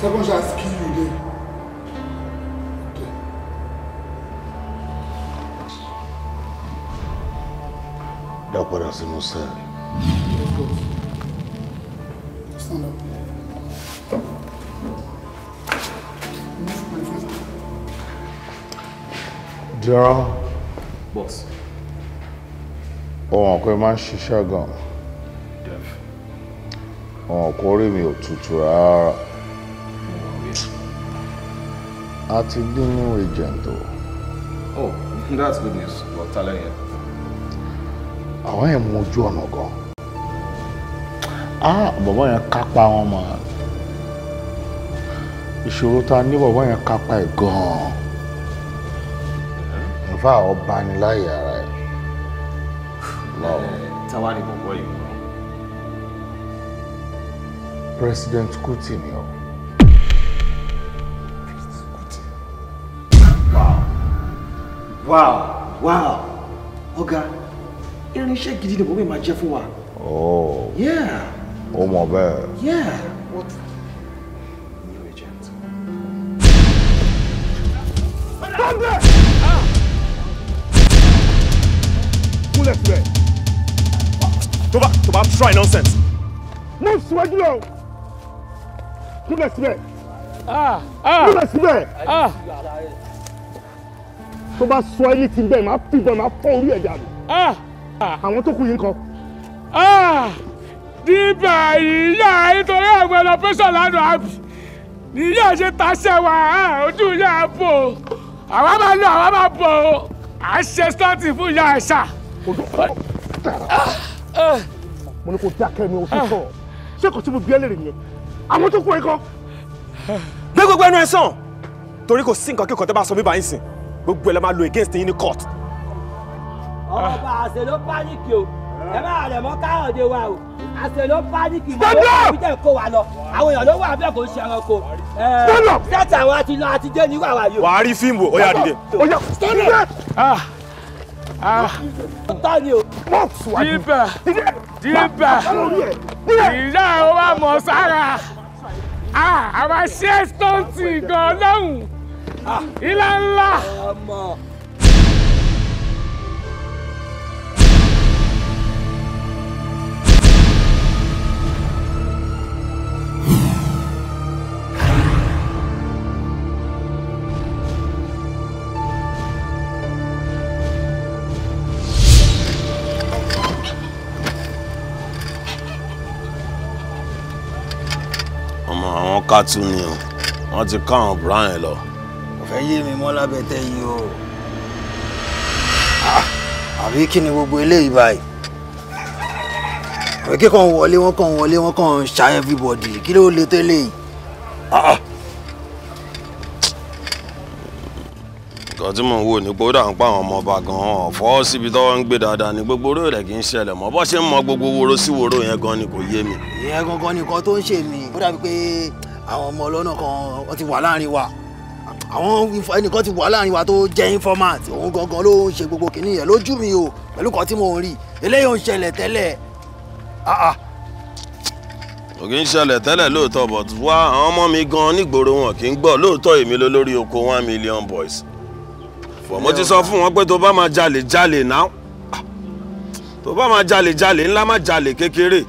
second chance kí you dey. dá padà sínú sẹ́ẹ̀lì. Stand up. Jọrọ. Boss. Ohun ọ̀pẹ máa ń ṣiṣẹ́ gan-an. Def. Ohun ọ̀pẹ orí mi ò tutù rárá. A ti dín ní agent Oh, that's good news. Wọ́n tálẹ̀ yẹn àwọn yẹn mú ojú ọ̀nà gan ah bọ̀bọ̀ yẹn kápá wọn mọ̀ ìṣòro ta ní bọ̀bọ̀ yẹn kápá ẹ̀ gan-an nfa ọba ni láyé ara ẹ̀ lọ́wọ́. táwa ni bọ̀bọ̀ yìí wọ́n. President Kuti ni o. Wow! Wow! Wow! oga Okay irinṣẹ́ gidi ni bóbá máa jẹ́ fún wa. oh yeah. ó mọ bẹ́ẹ̀. yeah. What? Stand there! Ah! Kúnlẹ̀ sílẹ̀. Tó bá tó bá try nonsense. Mo síwájú lọ. Kúnlẹ̀ sílẹ̀. Ah! Ah! Kúnlẹ̀ sílẹ̀. Ah! Tó bá sọ anything bẹ́ẹ̀, màá fi bọ̀, màá fọ́ orí ẹ̀ dànù. Ah! àwọn tó kù yìí kọ. dìbà ah, ìyá nítorí àwọn ẹlọ pẹ́sọ̀ lánàá àbí níyà ṣe taṣẹ́ wa ah, ojú ìyá bò àwa máa lọ àwa máa bò à ń ṣe sọ́ọ̀tì fún ìyá ẹ̀ mo ní kó dákẹ́ mi ò sọ̀rọ̀ ṣé kò tí mo bí ẹ lè yẹn àwọn tó kù ẹ kọ. gbé gbogbo ẹnu ẹ sàn torí kò sí nǹkan kíkan tó bá sọ mí báyìí sìn gbogbo ẹ la máa lo against yín ní court ọba àṣẹ ló pánìkì o ẹ máa rẹ̀ mọ́ káyọ̀dé wa o àṣẹ ló pánìkì mọ́ ló fi jẹ́ kó wa lọ àwọn èèyàn ló wà bẹ́ẹ̀ kò ń ṣe ẹranko sẹ́ẹ̀tì àwọn àti lọ àti dé ní wàwá yìí wàá rí fíìmù ó dìde. Ah, ah. tọ́ ni o. jíbẹ̀ jíbẹ̀ ìyá ò wá mọ̀ sára ah, àwọn ṣé stonti gan lọ́hùn-ún ilá ńlá. kátú ni o wọ́n ti ká àwọn bùrá yẹn lọ. kò fẹ́ yé mi mọ́ lábẹ́tẹ̀ yìí o ah, àbí kí ni gbogbo eléyìí báyìí àwọn kíkọ́ wọlé wọ́n kàn wọlé wọ́n kàn ṣá everybody kí ló lè tẹ́lẹ̀ yìí. Ah, ah. nǹkan tí mò ń wò ní pé ó dà ń pa àwọn ọmọ ọba gan-an fọ́ síbi tọ́wọ́ ń gbé dáadáa ní gbogbo oró rẹ̀ kì í ṣẹlẹ̀ mọ́ bó ṣe ń mọ gbogbo woro sí woro yẹn gan ni kò yé mi. ìyẹn gangan nìkan tó ń ṣe mí ó dàbí pé àwọn ọmọ ọlọ́nà kan wọ́n ti wà láàrin wa àwọn ẹnìkan ti wà láàrin wa tó jẹ́ informant òun gangan ló ń ṣe gbogbo kìíní yẹn lójú mi o pẹ̀lú kan tí mo ń rí eléyìí ń ṣẹlẹ̀ tẹ́lẹ̀ ah, ah. kò ń ṣẹlẹ̀ tẹ́lẹ̀ lóòótọ́ but wá àwọn ọmọ mi gan nígboro wọn kì í gbọ́ lóòótọ́ èmi ló lórí oko one million boys fọ mo ti sọ fún wọn pé tó bá máa jalè jalè náà ah, tó bá máa jalè jalè ńlá máa jalè kékeré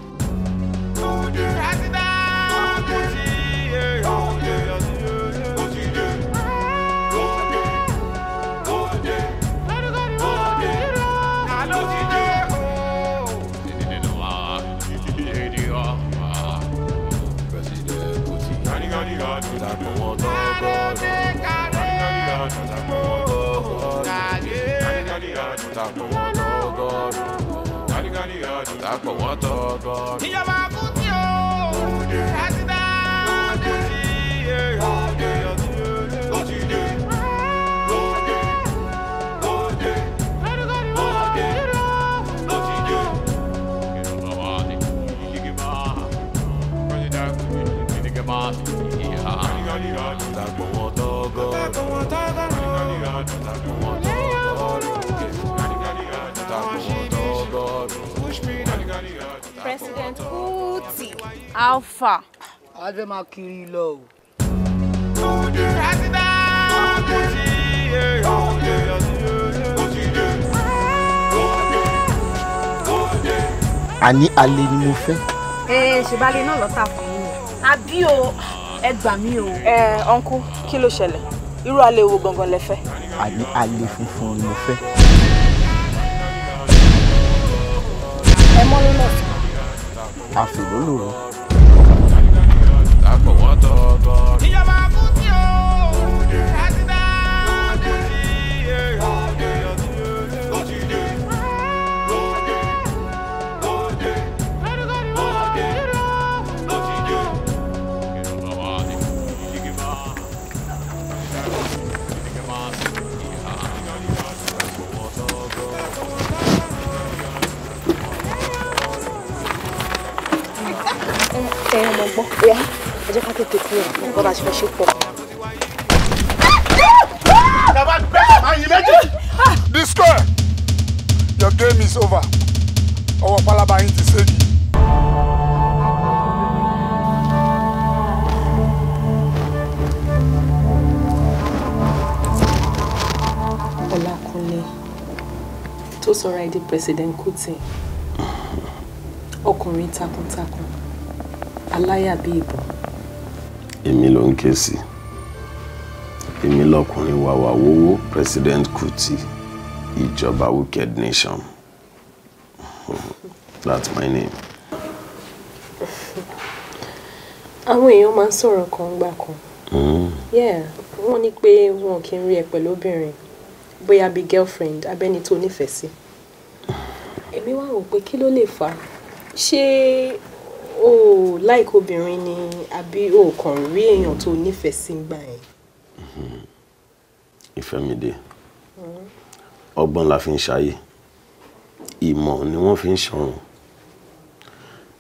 kápọ̀ wọ́n tọ́ ọ alpha. a makiri lo. kiri lọ alẹ́ ni mo fẹ́. ẹ ṣèbálẹ̀ náà lọ́tà fún yín. àbí o ẹ gbà mí o. ẹ ọ̀nkú kí ló ṣẹlẹ̀ irú alẹ́ wo gangan lẹ fẹ́. àní alẹ́ funfun ni mo fẹ́. ẹ mọ́ ló náà. àfìlólòrò. ẹ̀yin ọmọ gbọ́ bóyá ẹ jẹ́ ká tètè kúrò nǹkan bá ṣe fẹ́ ṣe pọ̀. bàbá gbé bàbá méjì. this square your game is over ọwọ́ pálábá yín ti ṣéèjì. Ọlákúnlé tó sọra ẹ̀ di President Kútì ọkùnrin takuntakun aláyà bí ìbọn. èmi ló ń ké sí èmi lọkùnrin wàwà wówó President Kuti ìjọba wicked nation that's my name. àwọn èèyàn máa ń sọ̀rọ̀ kan gbà kan hmm. wọ́n ní pé wọn kì í rí ẹ pẹ̀lú obìnrin bóyá bíi girlfriend abẹ́ni tó nífẹ̀ẹ́ sí èmi wá wò pé kí ló lè fà á ṣé o like obìnrin ni àbí o kàn rí èèyàn tó nífẹ̀ẹ́ sí gbà yẹn. ìfẹ́ mi dé ọgbọ́n la fi ń ṣayé ìmọ̀ ni wọ́n fi ń ṣọ̀run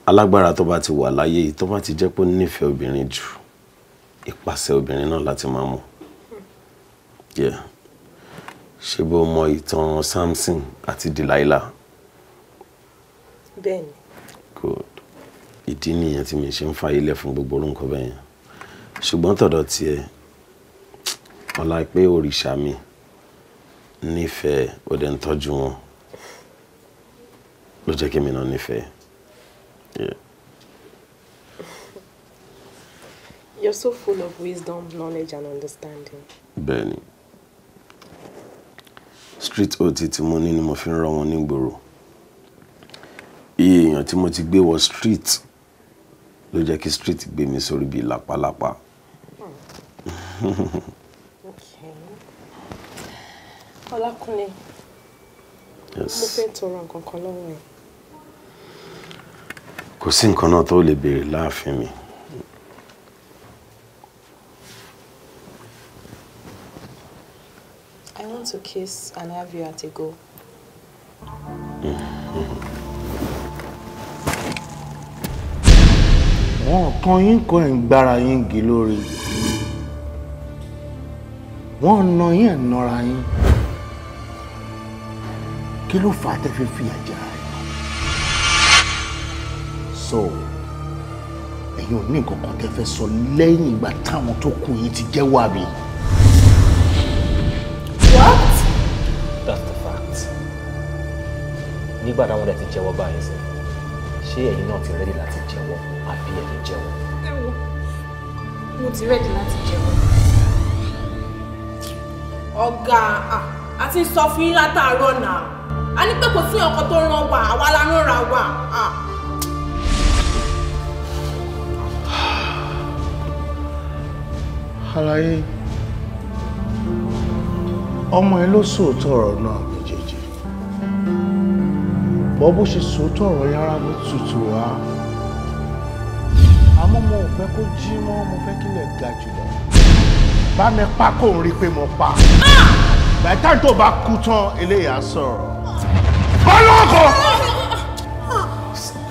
alágbára tó bá ti wà láyé tó bá ti jẹ́ pé ó nífẹ̀ẹ́ obìnrin jù ìpàṣẹ obìnrin náà láti máa mú ṣé bó mọ ìtàn Samson àti Delilah. bẹ́ẹ̀ni. good ìdí nìyẹn tí mi ṣe ń fa ilẹ̀ fún gbogbo orúkọ bẹ́ẹ̀ yẹn ṣùgbọ́n tọ̀dọ̀ tiẹ̀ ọlá pé òrìṣà mi nífẹ̀ẹ́ ó ń tọ́jú wọn ló jẹ́ kí mi náà nífẹ̀ẹ́. You're so full of wisdom, knowledge, and understanding. Bẹ́ẹ̀ni, street ot tí mo ní ni mo fi ń rán wọn nígboro. Iye èèyàn tí mo ti gbé wọ street ló jẹ́ kí street gbé mi sórí bíi lápalápa. Ọlákúnlé mo fẹ́ tọrọ nǹkan kan lọ́wọ́ ẹ̀. kò sí nǹkan náà tó lè béèrè láàfin mi. I want to kiss and have you at a go. àwọn kan yín kọ́ ẹ̀ ń gbára yín gé lórí wọ́n na yín ẹ̀ nọra yín kí ló fà á tẹ́ fi fi àjà rẹ̀ so ẹ̀yin ò ní nǹkan kan tẹ́ fẹ́ sọ lẹ́yìn ìgbà táwọn tó kù yín ti jẹ́wọ́ àbí. what. that's the fact nígbà táwọn ọ̀dẹ̀ ti jẹ́wọ́ báyìí sí ṣé ẹ̀yin náà ti rẹ́dì láti jẹ́wọ́ àbí ẹ̀ ń jẹ́wọ́. mo ti rẹ́dì láti jẹ́wọ́. ọ̀gá a ti sọ fún yín látàárọ̀ náà a ní pé kò sí ọkọ tó ràn wá àwa la ràn ra wá. àlàyé ọmọ ẹ ló sòótọ́ ọ̀rọ̀ náà bọ́ bó ṣe sòótọ́ ọ̀rọ̀ yàrá mi tutù wá àmọ́ mo ò fẹ́ kó jí mọ́ mo fẹ́ kílẹ̀ ga jùlọ bá mi pa kó ń rí pé mo pa bàtà tó bá kú tán eléyà sọ̀rọ̀ bá lọ́kọ̀.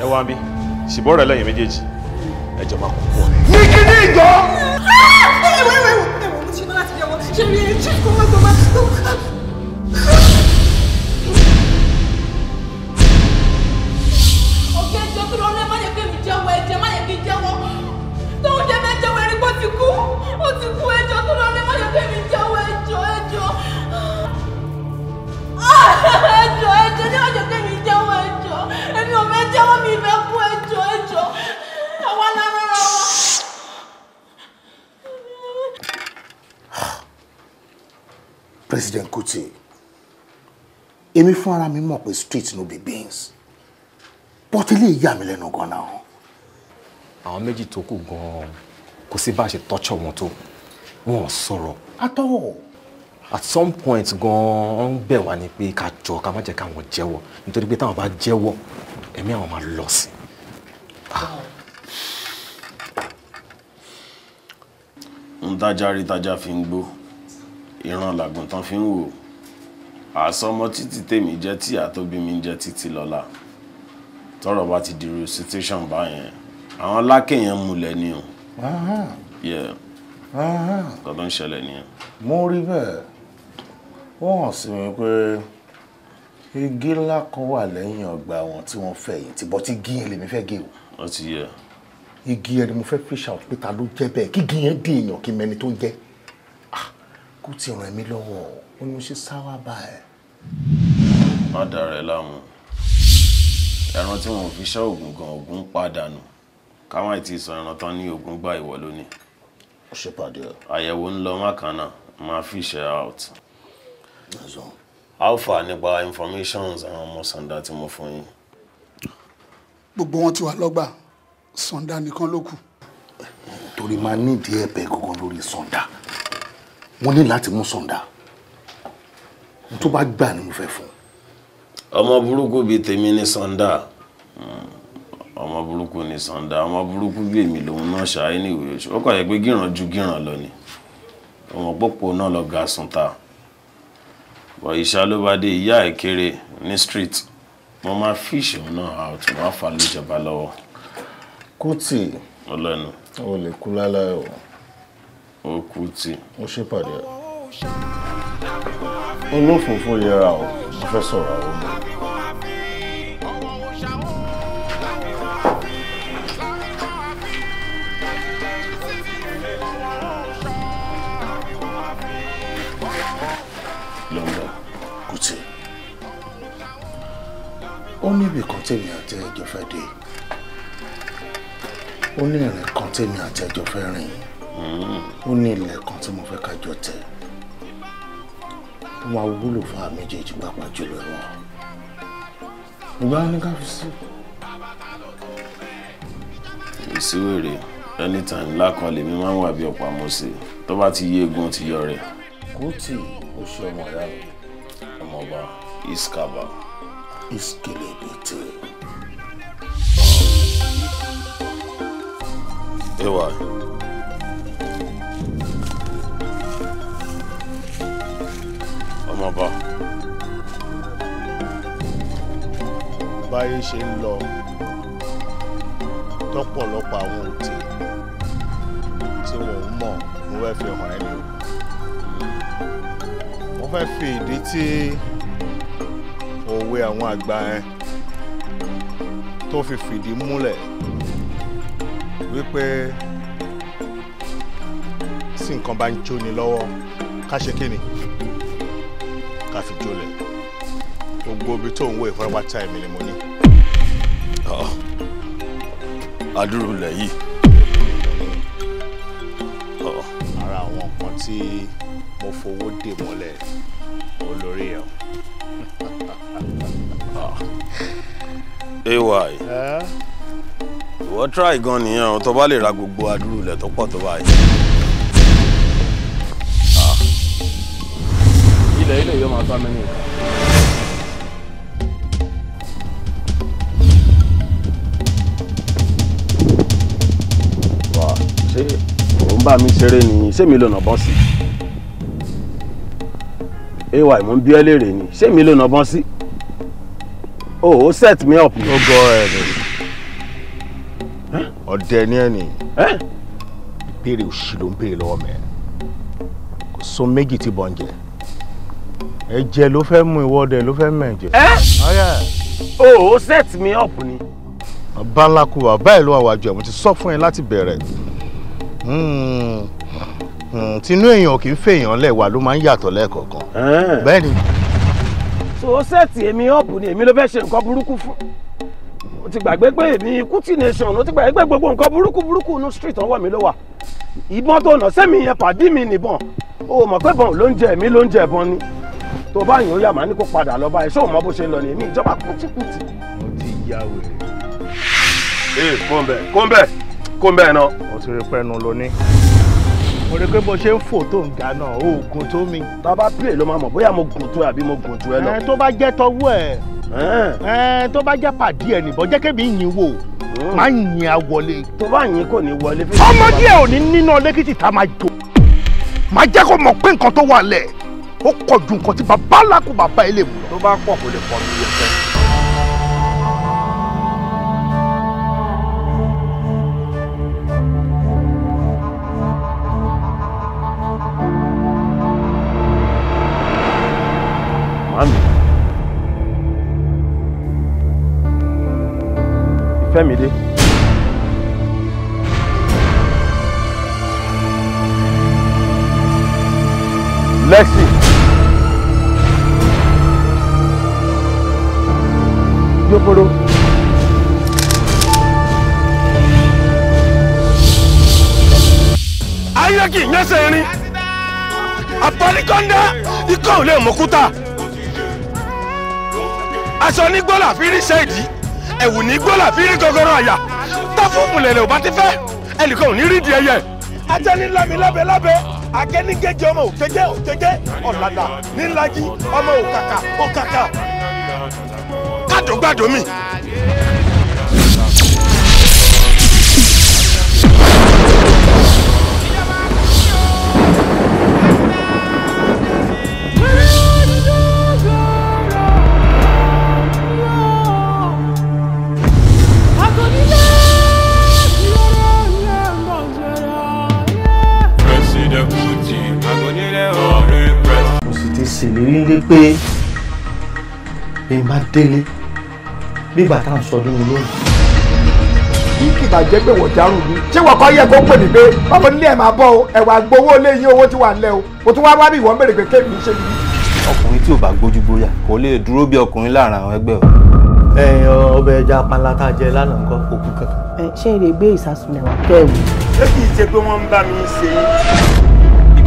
ẹ wá mi ṣìbọ́ rẹ̀ lẹ́yìn méjèèjì ẹ jọ máa kú pọ̀. ní kíní ìjọ. ẹ wẹ́wẹ́ ẹ wọ́n mo ti ní láti yẹ wọ́n ṣe rí ẹ jí kó wọ́n tó máa tó. èmi fún ara mi mọ̀ pé street no be beans but ilé ìyá mi lẹ́nu gan náà. àwọn méjì tó kù gan-an kò sí bá a ṣe tọ́jọ́ wọn tó wọn ò sọ̀rọ̀. at all. at some point gan-an ń bẹ̀ wá ni pé ká jọ ká má jẹ́ káwọn jẹ́wọ́ nítorí pé táwọn bá jẹ́wọ́ ẹ̀mí àwọn máa lọ sí. ń dájà rí tájà fi ń gbó ìran làgùntàn fi ń wò àsọmọ títí tèmi jẹ́ tí àtòbí mi jẹ́ títí lọ́la tọ́rọ̀ bá ti di recitation báyẹn àwọn lákèyàn múlẹ̀ ni o nǹkan tó ń ṣẹlẹ̀ nìyẹn. mo rí bẹ́ẹ̀ wọ́n hàn sí mi pé igi ńlá kan wà lẹ́yìn ọgbà wọn tí wọ́n fẹ́ yìí tí bọ́tí igi yẹn lèmi fẹ́ gé o. wọ́n ti yẹ. igi yẹn ni mo fẹ́ fish out pé ta ló jẹ́ bẹ́ẹ̀ kí igi yẹn dé èèyàn kí mẹni tó jẹ́ ah, kó ti ràn mí lọ́wọ́ ó ní mo ṣe sáwá báyìí má dà rẹ láwọn ẹran tí wọn ò fi ṣe oògùn gan oògùn pàdánù káwọn àti ìsọ ẹran tán ní oògùn gbà ìwọ lónìí. ó ṣe pàdé ẹ. àyẹ̀wò ń lọ mákànnà máa fi ṣe out. alpha nípa informations àwọn ọmọ sanda tí mo fún yín. gbogbo wọn ti wà lọ́gbà sanda nìkan ló kù. torí máa nídìí ẹ̀bẹ̀ gangan lórí sanda wọ́n ní láti mú sanda n tó bá gbà ni mo fẹ́ fún. ọmọ burúkú bíi tèmi ní sanda ọmọ burúkú ní sanda ọmọ burúkú bíi èmi lòun náà ṣááyé ní ìwé oṣù ó kàn yẹ pé gíran ju gíran lọ ni ọmọ pọ́pọ́ náà lọ ga sùn ta bọ̀ ìṣá ló bá dé ìyá ẹ̀ ní street mo máa fíìsì òun náà out wọ́n fà lójọba lọ́wọ́. Kútì ọlọ́nu o lè kú lálẹ́ o. o Kútì. ó ṣèpàdé olófòfò yẹra o mo fẹ́ sọ̀rọ̀ àwọn ọmọ. ó ní ibì kan tèmi àti ẹjọ́ fẹ́ dé ó ní ìrìn kan tèmi àti ẹjọ́ fẹ́ rìn hmm. ó ní ilẹ̀ kan tí mo fẹ́ ká jọ ó máa wúlò fún àwọn méjèèjì pàápàá jùlọ wọn ìgbà ní ká fi sí. ìsíwèrè anytime lákan lèmi máa ń wà bí ọ̀pọ̀ àmọ́sẹ̀ tó bá ti yé egun ti yọ rẹ̀. kùtì oṣù ọmọ ìyá mi ọmọọba iskaba iskelebete. ewa. Hey, ọmọọba báyé ṣe ń lọ tọ́pọ̀lọpọ̀ àwọn òtí tí wọn ò mọ̀ mo fẹ́ fi hàn ẹ́ ni mo fẹ́ fi ìdí tí òwe àwọn àgbà yẹn tó fi fìdí múlẹ̀ wípé tí nǹkan bá ń jóni lọ́wọ́ ká ṣe kí ni ká fi jólẹ̀ gbogbo ibi tó ń wọ ìfarapata ẹ̀mí ni mo ní. àdúrò lẹ̀ yìí. ara àwọn nǹkan tí mo fowó dè mọ́lẹ̀ olórí ẹ̀. ay ìwọ try gan nìyẹn o tó bá lè ra gbogbo àdúrò lẹ̀ pọ̀ tó báyìí. ilẹ̀ ilẹ̀ yóò máa sá mi ní. wà ṣé òun bá mi ṣeré ni ṣé mi lọ́nà bọ́ sí ay mo ń bí ẹ léèrè ni ṣé mi lọ́nà bọ́ sí o set me up. ó gọ ẹ lè ọdẹ ni ẹ nìyí béèrè òṣì ló ń béèrè lọ́wọ́ mẹ́rin kò sọ méjì tí ẹ̀jẹ̀ ló fẹ́ mú ìwọ́dẹ ló fẹ́ mẹ̀jẹ̀. ẹ oh, o ò set me up ni. balakuwa báyìí ló wà wájú ẹ̀ mo ti sọ fún ẹ láti bẹ̀rẹ̀ hmm. Hmm, tinú èèyàn kì í fèèyàn lẹ́wà ló máa ń yàtọ̀ lẹ́ẹ̀kọ̀ọ̀kan bẹ́ẹ̀ ni. so set sẹ́ẹ̀tì èmi up ni èmi ló fẹ́ ṣe nǹkan burúkú fún o ti gbàgbé pé èmi kútì nation o ti gbàgbé pé gbogbo nǹkan burúkú burúkú inú street ọwọ́ mi ló wà ìbọn tó nà sẹ́mi yẹn pàdí mi nìbọn o mọ̀ pé bọ̀n ló ń jẹ èmi ló ń jẹ ìbọn ni tó bá yàn ó yà máa ní kó padà lọ báyìí ṣó mọ bó ṣe lọ ní èmi ìjọba kùtìkùtì. ó ti ya wèrè. ee eh, kóńbẹ kóńbẹ kóńbẹ náà. mo ti rí pẹ́ẹ́nu lóní. mo rí pé bó ṣe ń fò tó ń ga náà ó gùn tó mi. tá a bá pè ló máa mọ̀ bóyá mo gùn tó ẹ àbí mo gùn tó ẹ lọ. ẹ tó bá jẹ́ tọwọ́ ẹ̀ ẹ tó bá jẹ́ pàdé ẹ̀ nìbọn jẹ́ kébì yín wò hmm. máa ń yin àwọlé. tó bá yin kò ní wọlé. ọmọdé ẹ ò ní nínú ọlẹ́kìtì tá a máa jò máa jẹ́ kó mọ̀ pé nǹkan tó wà lẹ̀ ó pọ̀ ju nǹkan tí bàbá làkú bàbá ẹ lè mú lọ. tó bá pọ̀ kò lè pọ̀ ní iye fẹ́. màámi ìfẹ́ mi dé. Lexi. poro. ayé kì í yẹsẹ̀ irin àpọ́nikọ́ndá ikọ̀ ò lè mọ̀kúta aṣọ ní gbọ́là fi rí ṣẹ́ẹ̀dì ẹ̀wù ní gbọ́là fi rí gọ́gọ́rọ́ àyà tọ́fù mùlẹ̀lẹ̀ ò bá ti fẹ́ ẹnìkan ò ní rí di ẹyẹ. ajá ní lábẹ́ lábẹ́ lábẹ́ akẹ́ ní gẹ́gẹ́ ọmọ òkẹ́gẹ́ òkẹ́gẹ́ ọ̀làdà nílájí kaka. òkàkà òkàkà gbàdógbàdó mi. ṣèlérí ń lé pé bí bá délé bíbà tá à ń sọdún olóhùn. kì í kìbà jẹ́ pé wọ́n dárò mi. ṣé wọ́n kọ́ yẹ kó pè mí pé ọmọ nílé ẹ̀ máa bọ́ o ẹ̀wà gbowó lé yín owó tí wà ń lẹ o o tún wá wá bí ìwọ́n bèrè pé kéèmí ṣe mí. ọkùnrin tí ò bá gbójú gbóyà kò lè dúró bí ọkùnrin láàrin àwọn ẹgbẹ́ o. ẹyin ọbẹ̀ ẹja panla tá a jẹ lánàá nǹkan kò kú kankan. ṣé ẹ lè gbé ìsásùnlẹ̀ wá kẹ́ẹ̀wò. ṣé kì í ṣe pé wọ́n ń bá mi é.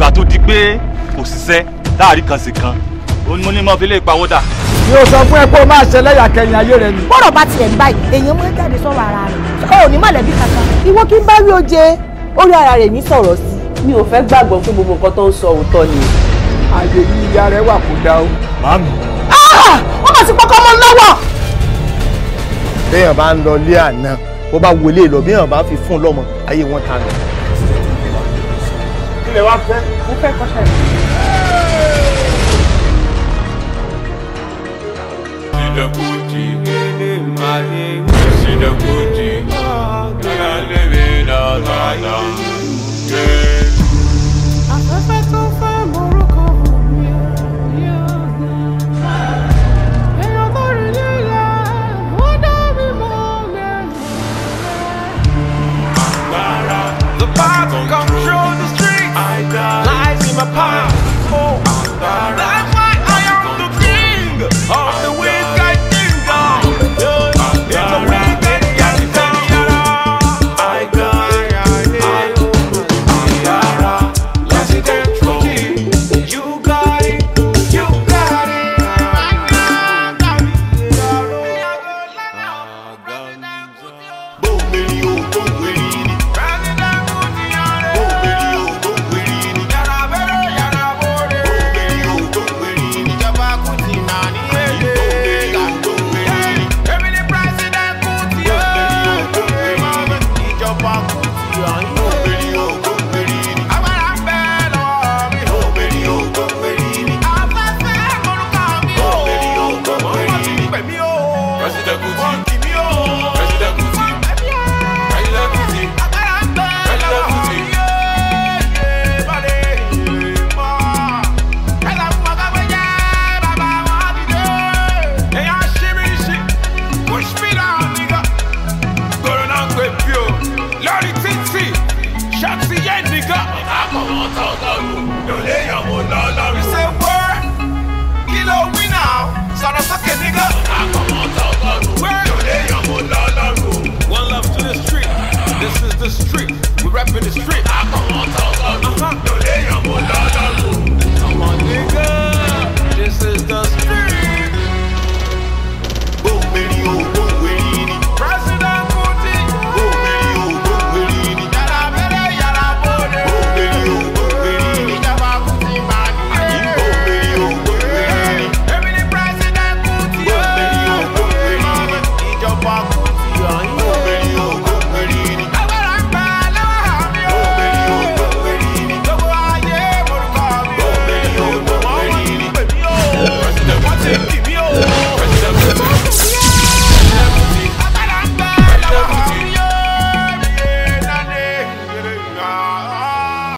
ìgbà tó mi ò sọ fún ẹ kó máa ṣẹlẹ́yà kẹyìn ayé rẹ ni. bọ́rọ̀ bá tilẹ̀ ń báyìí èèyàn mú jáde sọ̀rọ̀ ara rẹ̀ ó ní mọ̀lẹ́bí kankan. ìwọ kí n bá rí oje orí ara rẹ̀ ní sọ̀rọ̀ sí. mi ò fẹ́ gbàgbọ́ pé gbogbo nǹkan tó ń sọ òótọ́ ni. ààyè yìí ìyá rẹ wà kó dá o. màmí. wọ́n bá ti pọ́kọ́ mọ́ lọ́wọ́. béèyàn bá ń lọ ilé àná bó bá wọlé lọ béèyàn bá fi fún lọ́mọ ayé wọn ta nù. ilé wa fẹ́ the Gucci, the